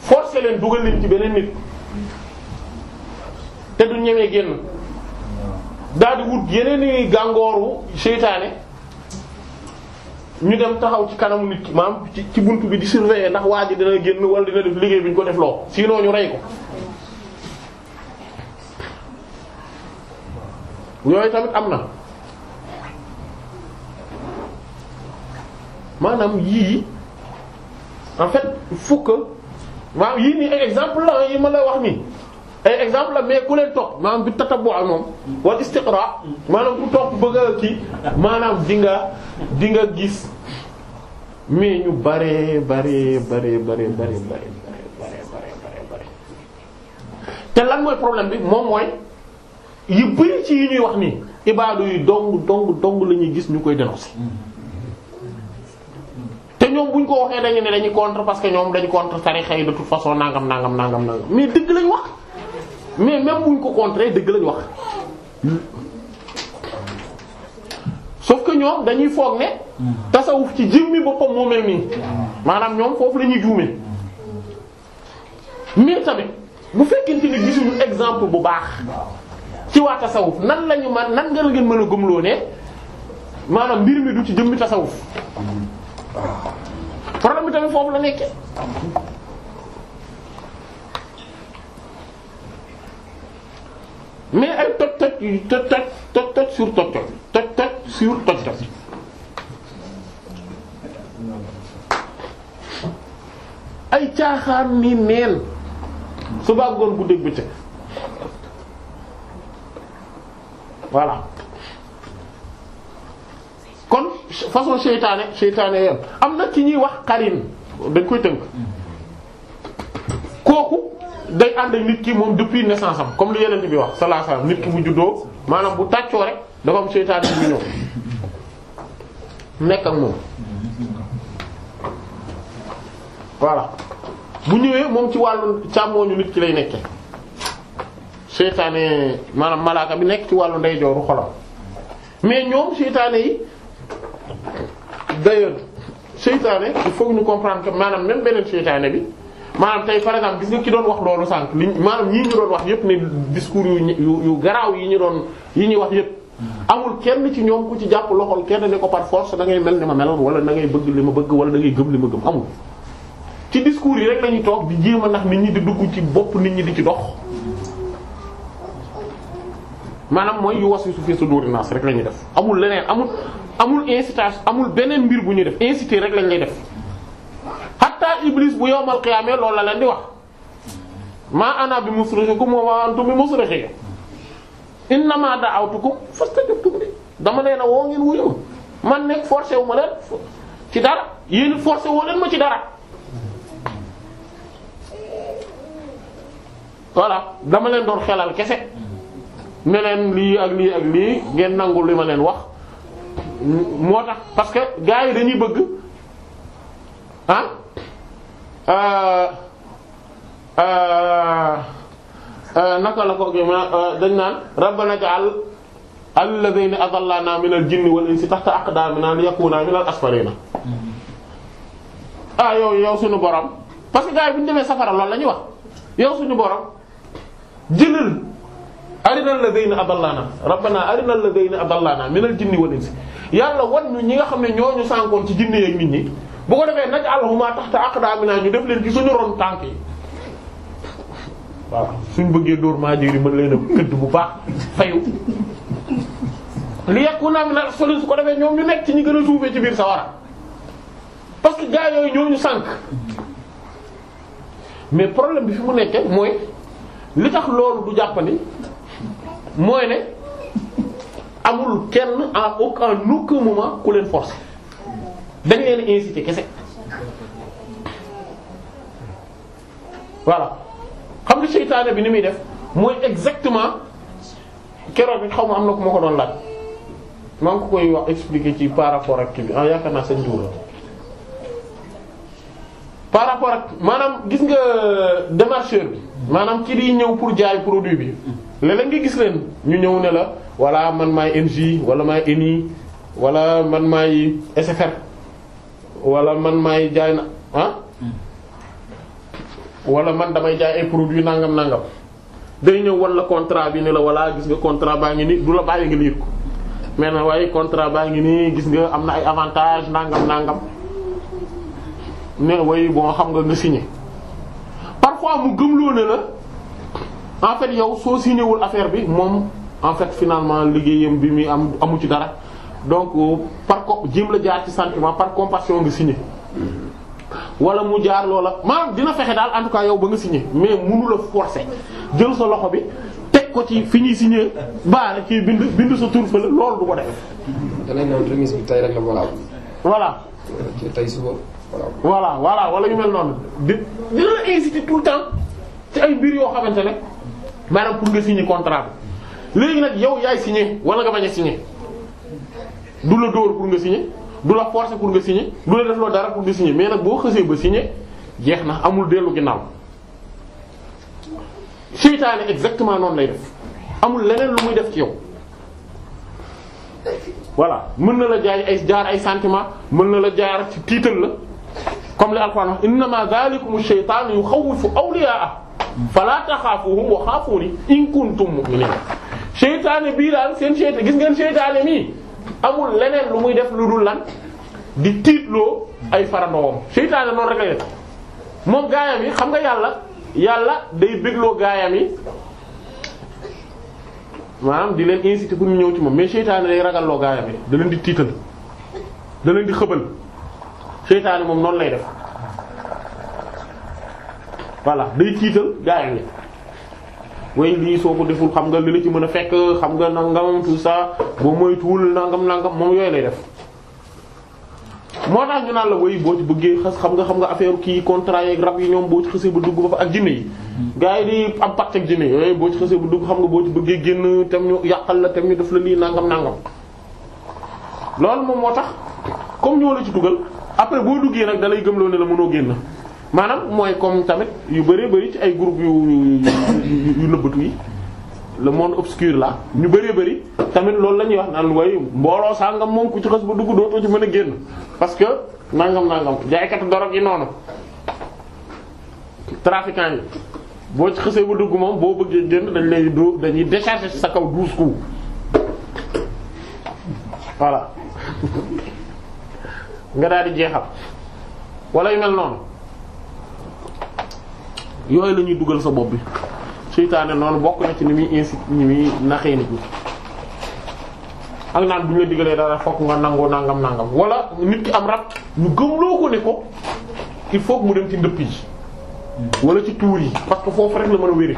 forcer leen dugal leen ci beneen nit te du ñemee génn daal wut yeneen i gàngooru seytaane ñu dem taxaw ci kanamu nit ki ci ci bunt bi di surveiller ndax waa ji dina génn wala dina def liggéey bi ñu ko def loo sinon ñu rey ko. yooyu tamit am na. maanaam yii en fait fukk maanaam yii nii exemple la yi ma la wax nii ay exemple la mais ku leen topp maanaam bi tatabbu ak moom wala istiqra maanaam ku topp bëgg a kii maanaam dinga nga di nga gis mais ñu bare bare bare bare bare bare te lan mooy problème bi moom mooy yu bari ci yi ñuy wax nii ibaadu yi dong dong dong la ñuy gis ñu koy dénoncer ñoom buñ ko waxee dañu ne dañuy contre parce que ñoom dañu contre tarixa yi de toute façon nangam nangam nangam nangam mais dëgg lañ wax mais même buñ ko contrer dëgg lañ wax sauf que dañuy foog ne tasawuf ci jëmmi boppam moo mel maanaam ñoom foofu la ñuy juume bu fekkente ne gisuñu exemple bu baax ci waa tasawuf nan lañu man nan nga la ngeen mën a gëmloo ne maanaam mbir mi du ci jëmmi tasawuf problème bi tamit foofu la nekke mais ay toj toj yu toj toj toj toj toj toj toj toj ay caaxaan ni neen su bàggoon guddeeg bëccëg voilà kon façon seytaane seytaane yam am na ci ñuy wax xarin dañ koy tënk kooku day ànd ak nit ki moom depuis naissance am comme li yeneen bi wax sallallahu alayhi nit ki bu juddoo maanaam bu tàccoo rek dafa am seytaane bu ñëw nekk ak moom voilà bu ñëwee moom ci wàllu càmmooñu nit ki lay nekke seytaane maanaam malaaka bi nekk ci wàllu ndeyjooru xolam mais ñoom seytaane yi d'ailleurs seytaane il faut ñu comprendre maanaam même beneen seytaane bi maanaam tey par exemple gis nga ki doon wax loolu sànq liñ maanaam ñii ñu doon wax yépp ne discours yu yu garaaw yi ñu doon yi ñuy wax yëpp amul kenn ci ñoom ku ci jàpp loxol kenn ne ko par force da ngay mel ni ma meloon wala nangay bëgg li ma bëgg wala da ngay gëm li ma gëm amul ci discours yi rek lañuy toog bi jéem a ndax nit ñi di dugg ci bopp nit ñi di ci dox maanaam mooy yu was yu su fi su rek la ñuy def amul leneen amul amul incitation amul beneen mbir bu ñuy def instité rek lañ lay def hatta iblis bu yowmal qiyaamee loolu la leen di wax maa ana bi musrixikum wa antum bi musrixi innama da'awtukum fastajabtum li dama leen a woo ngeen wuyu man nekk forcé wu ma leen ci dara yéen forcé woo leen ma ci dara voilà dama leen doon xelal kese ne leen lii ak lii ak lii ngeen nangul li ma leen wax moo tax parce que gars yi dañuy bëgg ah euh, euh, euh, naka la ko dañ naan rabbana ja'al alladhina adallana min al jinni wal insi tahta aqdamina liyakuna min al asfalina ah yow yow suñu borom parce que gars bu ñu demee safara loolu la ñuy wax yow suñu borom jëlal arina alladhina adallana rabbana arina alladhina adallana min al jinni wal insi yàlla wan ñu ñi nga xam ne ñooñu sànkoon ci jinne ak nit ñi bu ko defee àq allahuma taxta aqdamina ñu def leen ci suñu ron tànk yi waaw suñ bëggee dóor maajoor yi mën leen a këdd bu baax fayu li yakuna min al-asfalin su ko defee ñoom ñu nekk ci ñi gën a suufee ci biir sawara parce que gaa yooyu ñooñu sànk mais problème bi fi mu nekkee mooy li tax loolu du jàppandi mooy ne amul kenn en aucun aucun moment ku leen forcer dañ leen inciter kese voilà xam nga seytaane bi ni muy def mooy exactement keroog bi xaw ma am na ku ma ko doon laaj maa ngi ko koy wax expliquer ci par rapport ak kii bi ah yaakaar naa seen duura par rapport ak maanaam gis nga démarcheur bi maanaam ci di ñëw pour jaay produit bi. léeg-léeg nga gis leen ñu ñëw ne la wala man maay NJ wala maay ENI wala man maay SFR wala man maay jaay na ah wala man damay jaay ay produits nangam nangam day ñëw wala contrat bi ne la wala gis nga contrat baa ngi ni du la bàyyi nga liir ko mais nag waaye contrat baa ngi nii gis nga am na ay avantage nangam nangam ne waaye boo xam nga nga signé parfois mu gëmloo ne la. en fait yow soo signé wul affaire bi moom en fait finalement liggéeyam bi muy am amu ci dara donc euh, par ko jéem la jaar ci sentiment par compassion nga signé. wala mu jaar loola maanaam dina fexe daal en tout cas yow ba nga signé mais mënu la forcer jël sa loxo bi teg ko ci fi ñuy signé baax na kii bind bind sa tur fële loolu du ko def. da ngay naan voilà. tey suba valable. voilà voilà wala yu mel noonu di dina la inciter temps ci ay mbir yoo xamante ne. maanaam pour nga signer contrat bi léegi nag yow yaay signer wala nga bañ a signer du la dóor pour nga signer du la forcer pour nga signer du la def loo dara pour nga signer mais nag boo xësee ba signer jeex na amul dellu ginnaaw seytaane exactement noonu lay def amul leneen lu muy def ci yow voilà mën na la jaay ay jaar ay sentiment mën na la jaar ci tiital la comme li Alxuraan wax innama zalikumu shaytaanu yuxawwifu awliyaa falaa taxaafuhum wa xaafuuni in kuntum mu'minin seytaane bii daal seen seytaane gis ngeen seytaane mii amul leneen lu muy def lu dul lan di tiitloo ay farandoom seytaane noonu rek la def moom gaayam yi xam nga yàlla yàlla day bégloo gaayam yi maanaam di leen inciter pour ñu ñëw ci moom mais seytaane day ragalloo gaayam yi daleen di tiital da di xëbal seytaane moom noonu lay def voilà day tiital gaa yi way lii soo ko deful xam nga li la ci mën a fekk xam nga nangam tout ça boo moytuwul nangam nangam moom yooyu lay def moo tax ñu naan la way boo ci bëggee xas xam nga xam nga affaire kii contrat yeeg rab yi ñoom boo ci xasee ba dugg ba fa ak jinne yi gars yi di am pacte ak jinne yooyu boo ci xasee ba dugg xam nga boo ci bëggee génn tam ñu yàqal la tam ñu def la lii nangam nangam loolu moom moo tax comme ñoo la ci dugal après boo duggee nag dalay gëmloo ne la mënoo génn maanaam mooy comme tamit yu bëree bëri ci ay groupe yu yu nëbbatu yi la monde obscur là ñu bëree bëri tamit loolu la ñuy wax naan way mbooloo sàngam moom ku ci xas ba dugg dootoo ci mën a génn parce que nangam nangam jaaykatu dorog yi noonu trafiquant yi boo ci xësee ba dugg moom boo bëggee génn dañ lay doo dañuy décharger sa kaw douze voilà nga daal jeexal wala yu mel noonu. yooyu lañuy dugal sa bopp bi seytaane noonu bokk na ci ni muy incite ni muy naxee nit ñi ak naan bu ñu la digalee dara fokk nga nangoo nangam nangam wala nit ki am rab ñu gëmloo ko ne ko il faut mu dem ci ndëpp yi wala ci tuur yi parce que foofu rek la mën a wéri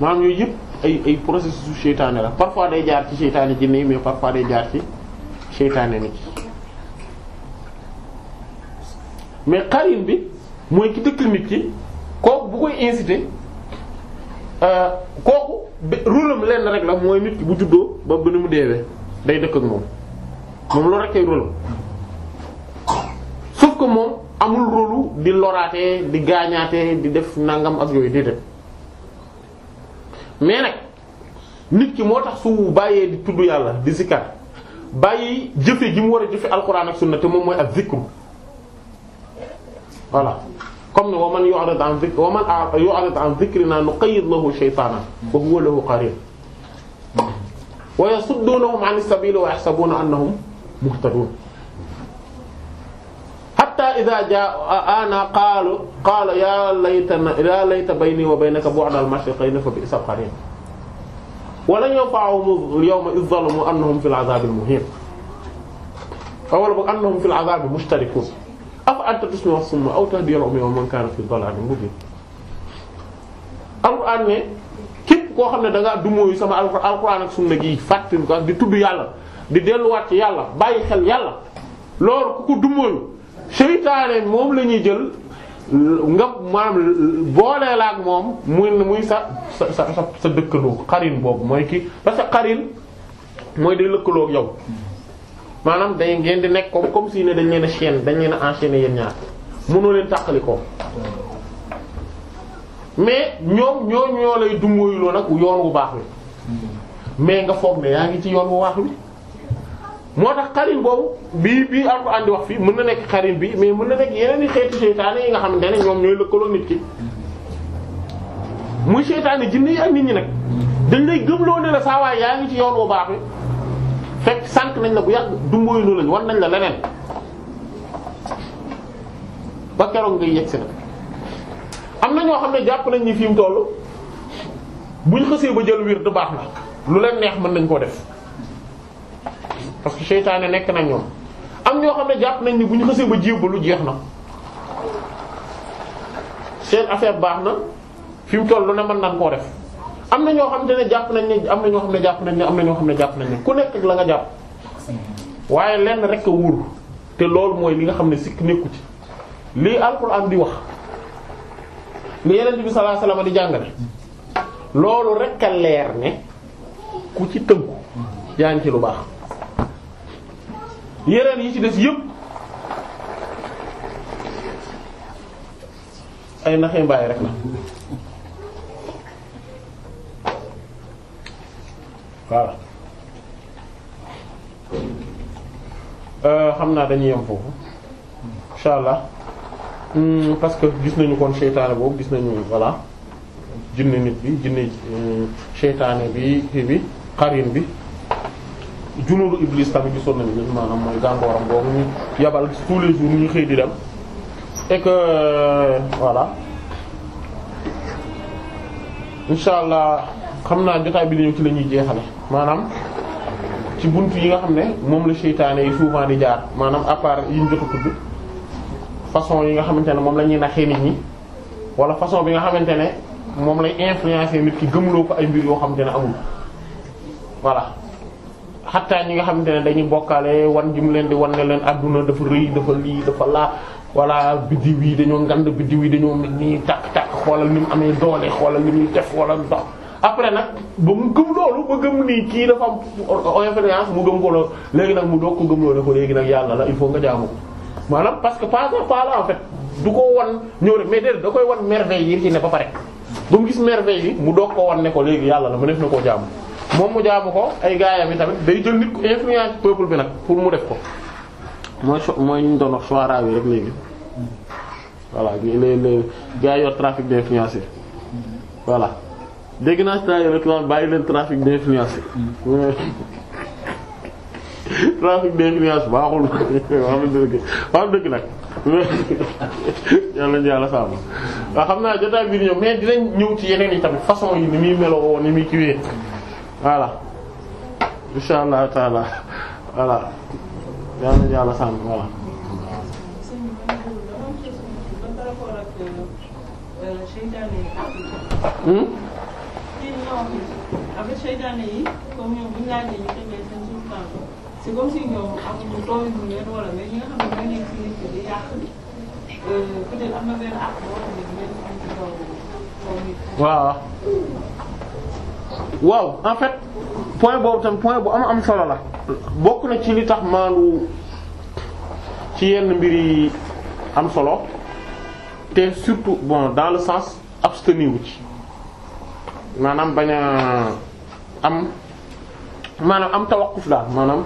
maanaam yooyu yëpp ay ay processus seytaane la parfois day jaar ci seytaane jinne mais parfois day jaar ci seytaane nit mais xarin bi mooy ki dëkk nit ki kooku bu koy inciter euh, kooku rôlam lenn rek la mooy nit ki bu juddoo ba ba ni mu deewee day dëkk ak moom moom loolu rek kay rôlam sauf que moom di loraatee di gaañaatee di def nangam ak yooyu déedéet mais nag nit ki moo tax su bàyyee di tudd yàlla di sikkar bàyyi jëfe ji mu war a jëfe alxuraan ak sunna te moom mooy ak zikru voilà comme ne wa man yu'rid an dhikr wa man yu'rid an dhikrina nuqayyid lahu shaytanan fa huwa lahu qarin wa yasuddunahum 'ani sabili wa yahsabuna annahum muhtadun hatta idha ja'ana qalu qala ya laytana ya layta bayni wa baynaka bu'da al-mashriqayn fa bi'sa al-qarin wa lan yanfa'uhum al-yawma idh zalamu annahum fil 'adhabi al-muhin aw annahum fil 'adhabi mushtarikun afa anta tusmi'u summa aw tahdil umma man kaana fi dalalin mubiin alxuraan ne képp koo xam ne da ngaa dumóoyu sama alxuraan ak sunna gi fàttin ko di tudd yàlla di delluwaat ci yàlla bàyyi xel yàlla loolu ku ko dumóoyu seytaane moom la ñuy jël nga maanaam boolee la ak moom muy muy sa sa sa sa dëkkandoo xarin boobu mooy kii parce que xarin mooy day lëkkaloo ak yow maanaam day ngeen di nekk comme comme si ne dañ leen a chaîne dañ leen a enchaîner ñaar mënoo leen tàqali ko mais ñoom ñoo ñoo lay dummóoyuloo nag yoon wu baax wi mais nga foog ne yaa ngi ci yoon wu baax wi moo tax xarin boobu bii bii Alxuraan di wax fii mën na nekk xarin bi mais mën na nekk yeneen i xeetu seytaane yi nga xamante ne ñoom ñooy lëkkaloo nit ki muy seytaane jinne yi ak nit ñi nag dañ lay gëmloo ne la saa waay yaa ngi ci yoon baax wi sànq nañ la bu yàgg du mooy nu lañ wan nañ la leneen ba keroog ngay yegg nag am na ñoo xam ne jàpp nañ ni fi mu toll buñ xësee ba jël wird baax na lu leen neex mën nañ koo def parce que seytaane nekk na ñoom am ñoo xam ne jàpp nañ ni buñ xësee ba jébbalu jeex na seen affaire baax na fi mu lu ne mën nañ koo def am na ñoo xam ne jàpp nañ ne am na ñoo xam ne jàpp nañ ne am ñoo xam ne jàpp nañ ne ku nekk la nga jàpp waaye lenn rek a wóor te loolu mooy li nga xam ne sikk nekku ci li lii am di wax li yeneen bi sallallahu alayhi wasallam di loolu rek a leer ne ku ci tënku yaa ngi ci lu baax yeneen yi ci des yépp ay naxee mbaay rek waaw Euh, xam naa dañu yem foofu incha allah hmm, parce que gis nañu kon seytaane boobu gis nañu voilà jinne nit bi jinne euh, seytaane bi kii bi xarin bi junudu iblis tamit gisoon nañu ñun maanaam mooy gàngooram boobu ñu yabal tous les jours ñu xëy di dem et que voilà allah xam naa jotaay bi di ñëw ci la jeexale maanaam. ci bunt yi nga xam ne moom la seytaane yi souvent di jaar maanaam à part yi ñu jot a yi nga xamante ne moom la ñuy naxee nit ñi wala façon bi nga xamante ne moom lay influencer nit ki gëmloo ko ay mbir yoo xamante ne amul voilà xattaa ñi nga xamante ne dañuy bokkaale wan ji leen di wan ne leen adduna dafa rëy dafa lii dafa laa wala biddiw yi dañoo ngand biddiw yi dañoo mel nii tàkk-tàkk xoolal ni mu amee doole xoolal ni muy def wala ndox après nag ba mu gëm loolu ba gëm nii kii dafa am influence mu gëm ko loolu léegi nag mu doog ko gëm loolu ko léegi nag yàlla la il faut nga jaamu maanaam parce que pas pas la du ko wan ñëw rek mais déedéet da koy wan merveille yi ci ne ba pare ba mu gis merveille yi mu doog ko wan ne ko léegi yàlla la mu def na koo jaamu moom mu jaamu ko ay gaayam yi tamit day jël nit ko influence peuple bi nag pour mu def ko mooy mooy ñu doon rek léegi voilà les les gars yor voilà dégg naa si temps yële tuuti bàyyi leen trafic d'influence trafic d'influence baaxul wax dëgg nag yàlla na yàlla xam naa jotaay bi ñëw mais dinañ ñëw ci yeneen yi tamit façon yi ni muy meloo ni muy kiiwee voilà insha allah taala voilà yàlla na yàlla Hmm? waaw en fait point boobu tam point bu am am solo la. bokk na ci li tax maandu ci yenn mbir yi am solo te surtout bon dans le sens abstenir wu ci. maanaam bañ am maanaam am tawakkuf daal maanaam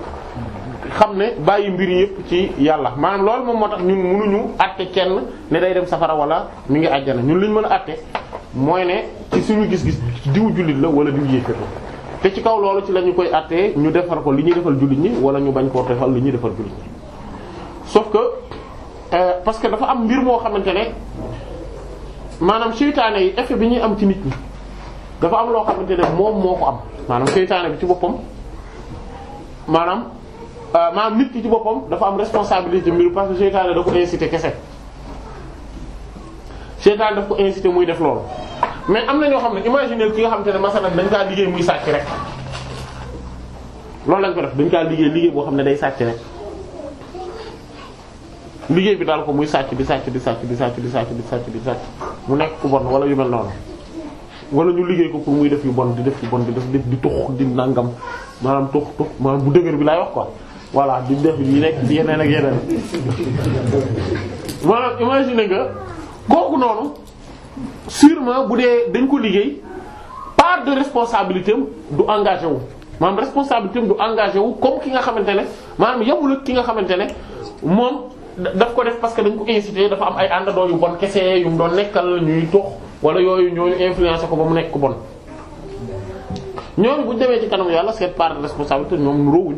xam ne bàyyi mbir yëpp ci yàlla maanaam loolu moom moo tax ñun mënuñu àtte kenn ne day dem safara wala mi ngi àjjana ñun li mën a àtte mooy ne ci suñu gis-gis diw jullit la wala diw yéefér la te ci kaw loolu ci lañu koy àttee ñu defal ko li ñuy defal jullit ñi wala ñu bañ koo defal li ñuy defal jullit ñi sauf que euh, parce que dafa am mbir moo xamante ne maanaam seytaane yi effet bi ñuy am ci nit ñi dafa am loo xamante ne moom moo ko am maanaam seytaane bi ci boppam maanaam euh, maanaam nit ki ci boppam dafa am responsabilité mbiru parce que seytaane da ko incité kese seytaane daf ko incité muy def loolu mais am na ñoo xam ne imaginer ki nga xamante ne masalan dañ kaa liggéey muy sàcc rek loolu lañ ko kaa liggéey liggéey boo xam ne day sàcc rek bi daal ko muy sàcc di sàcc di sàcc di sàcc di sàcc di sàcc di sàcc mu nekk ku bon wala yu mel noonu wala ñu liggéey ko pour muy def yu bon di def yu bon di def di tux di nangam maanaam tux tux maanaam bu dëgër bi laa wax quoi voilà di def yi nekk di yeneen ak yeneen maanaam imagine nga kooku noonu sûrement bu dee dañ ko liggéey part de responsabilité am du engagé wu maanaam responsabilité am du engagé wu comme ki nga xamante ne maanaam yamul ak ki nga xamante ne moom daf ko def parce que dañ ko incité dafa am ay àndandoo yu bon kese yu mu doon nekkal ñuy tox wala yooyu ñooñu influencé ko ba mu nekk ku bon ñoom bu ñu demee ci kanam yàlla seen part de responsabilité ñoom róowuñ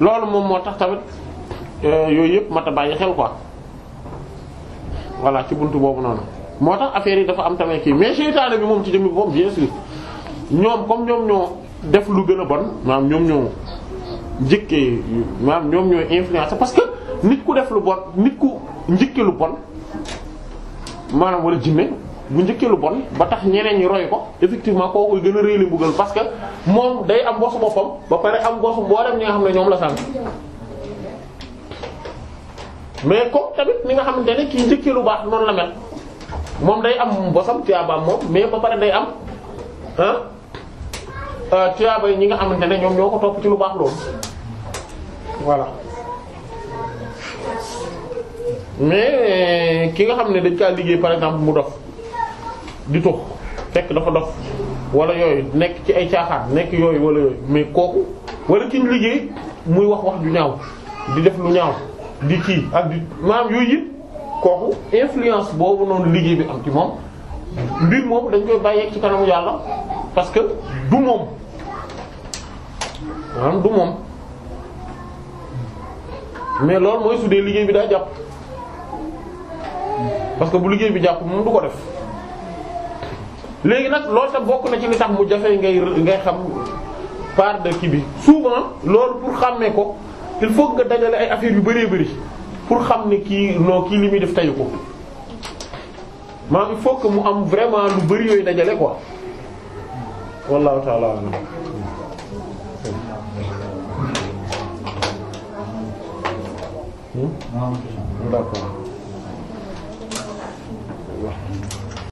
loolu moom moo tax tamit euh, yooyu yëpp mat a bàyyi xel quoi voilà ci bunt boobu noonu moo tax affaire yi dafa am tamit kii mais seytaane bi moom ci jëmmi boobu bien sûr ñoom comme ñoom ñoo def lu gën a bon maanaam ñoom ñoo njëkkee maanaam ñoom ñooy influence parce que nit ku def lu bon nit ku njëkke lu bon maanaam wala jinne bu njëkkee lu bon ba tax ñeneen ñi roy ko effectivement kooku gën a réy li parce que moom day am boppam ba pare am gosu mboolem ñi xam ne ñoom la sànq. mais comme tamit ni nga xamante ne kii njëkkee lu baax noonu la mel moom day am bosam tuyaabaam moom mais ba pare day am ah tuyaaba yi ñi nga xamante ne ñoom ñoo ko topp ci lu baax loolu voilà. mais euh, ki nga xam ne dañ kaa liggéey par exemple mu dof di tux fekk dafa dof wala yooyu nekk ci ay caaxaan nekk yooyu wala yooyu mais kooku wala ki liggéey muy wax wax ju ñaaw di def lu ñaaw di kii ak di maanaam yooyu yëpp kooku influence boobu noonu liggéey bi am ci moom mbir moom dañ koy bàyyeeg ci kanamu yàlla parce que du moom maanaam du moom mais loolu mooy su dee liggéey bi daa jàpp. parce que bu liggéey bi jàpp moom du ko def léegi nag loolu tam bokk na ci li tax mu jafe ngay ngay xam part de bi souvent lool pour xàmmee ko il faut nga dajale ay affaires yu bëree bëri pour xam ne kii non kii li muy def tayu ko maa il faut que mu am vraiment lu bëri yooyu dajale ko wallahu ta'ala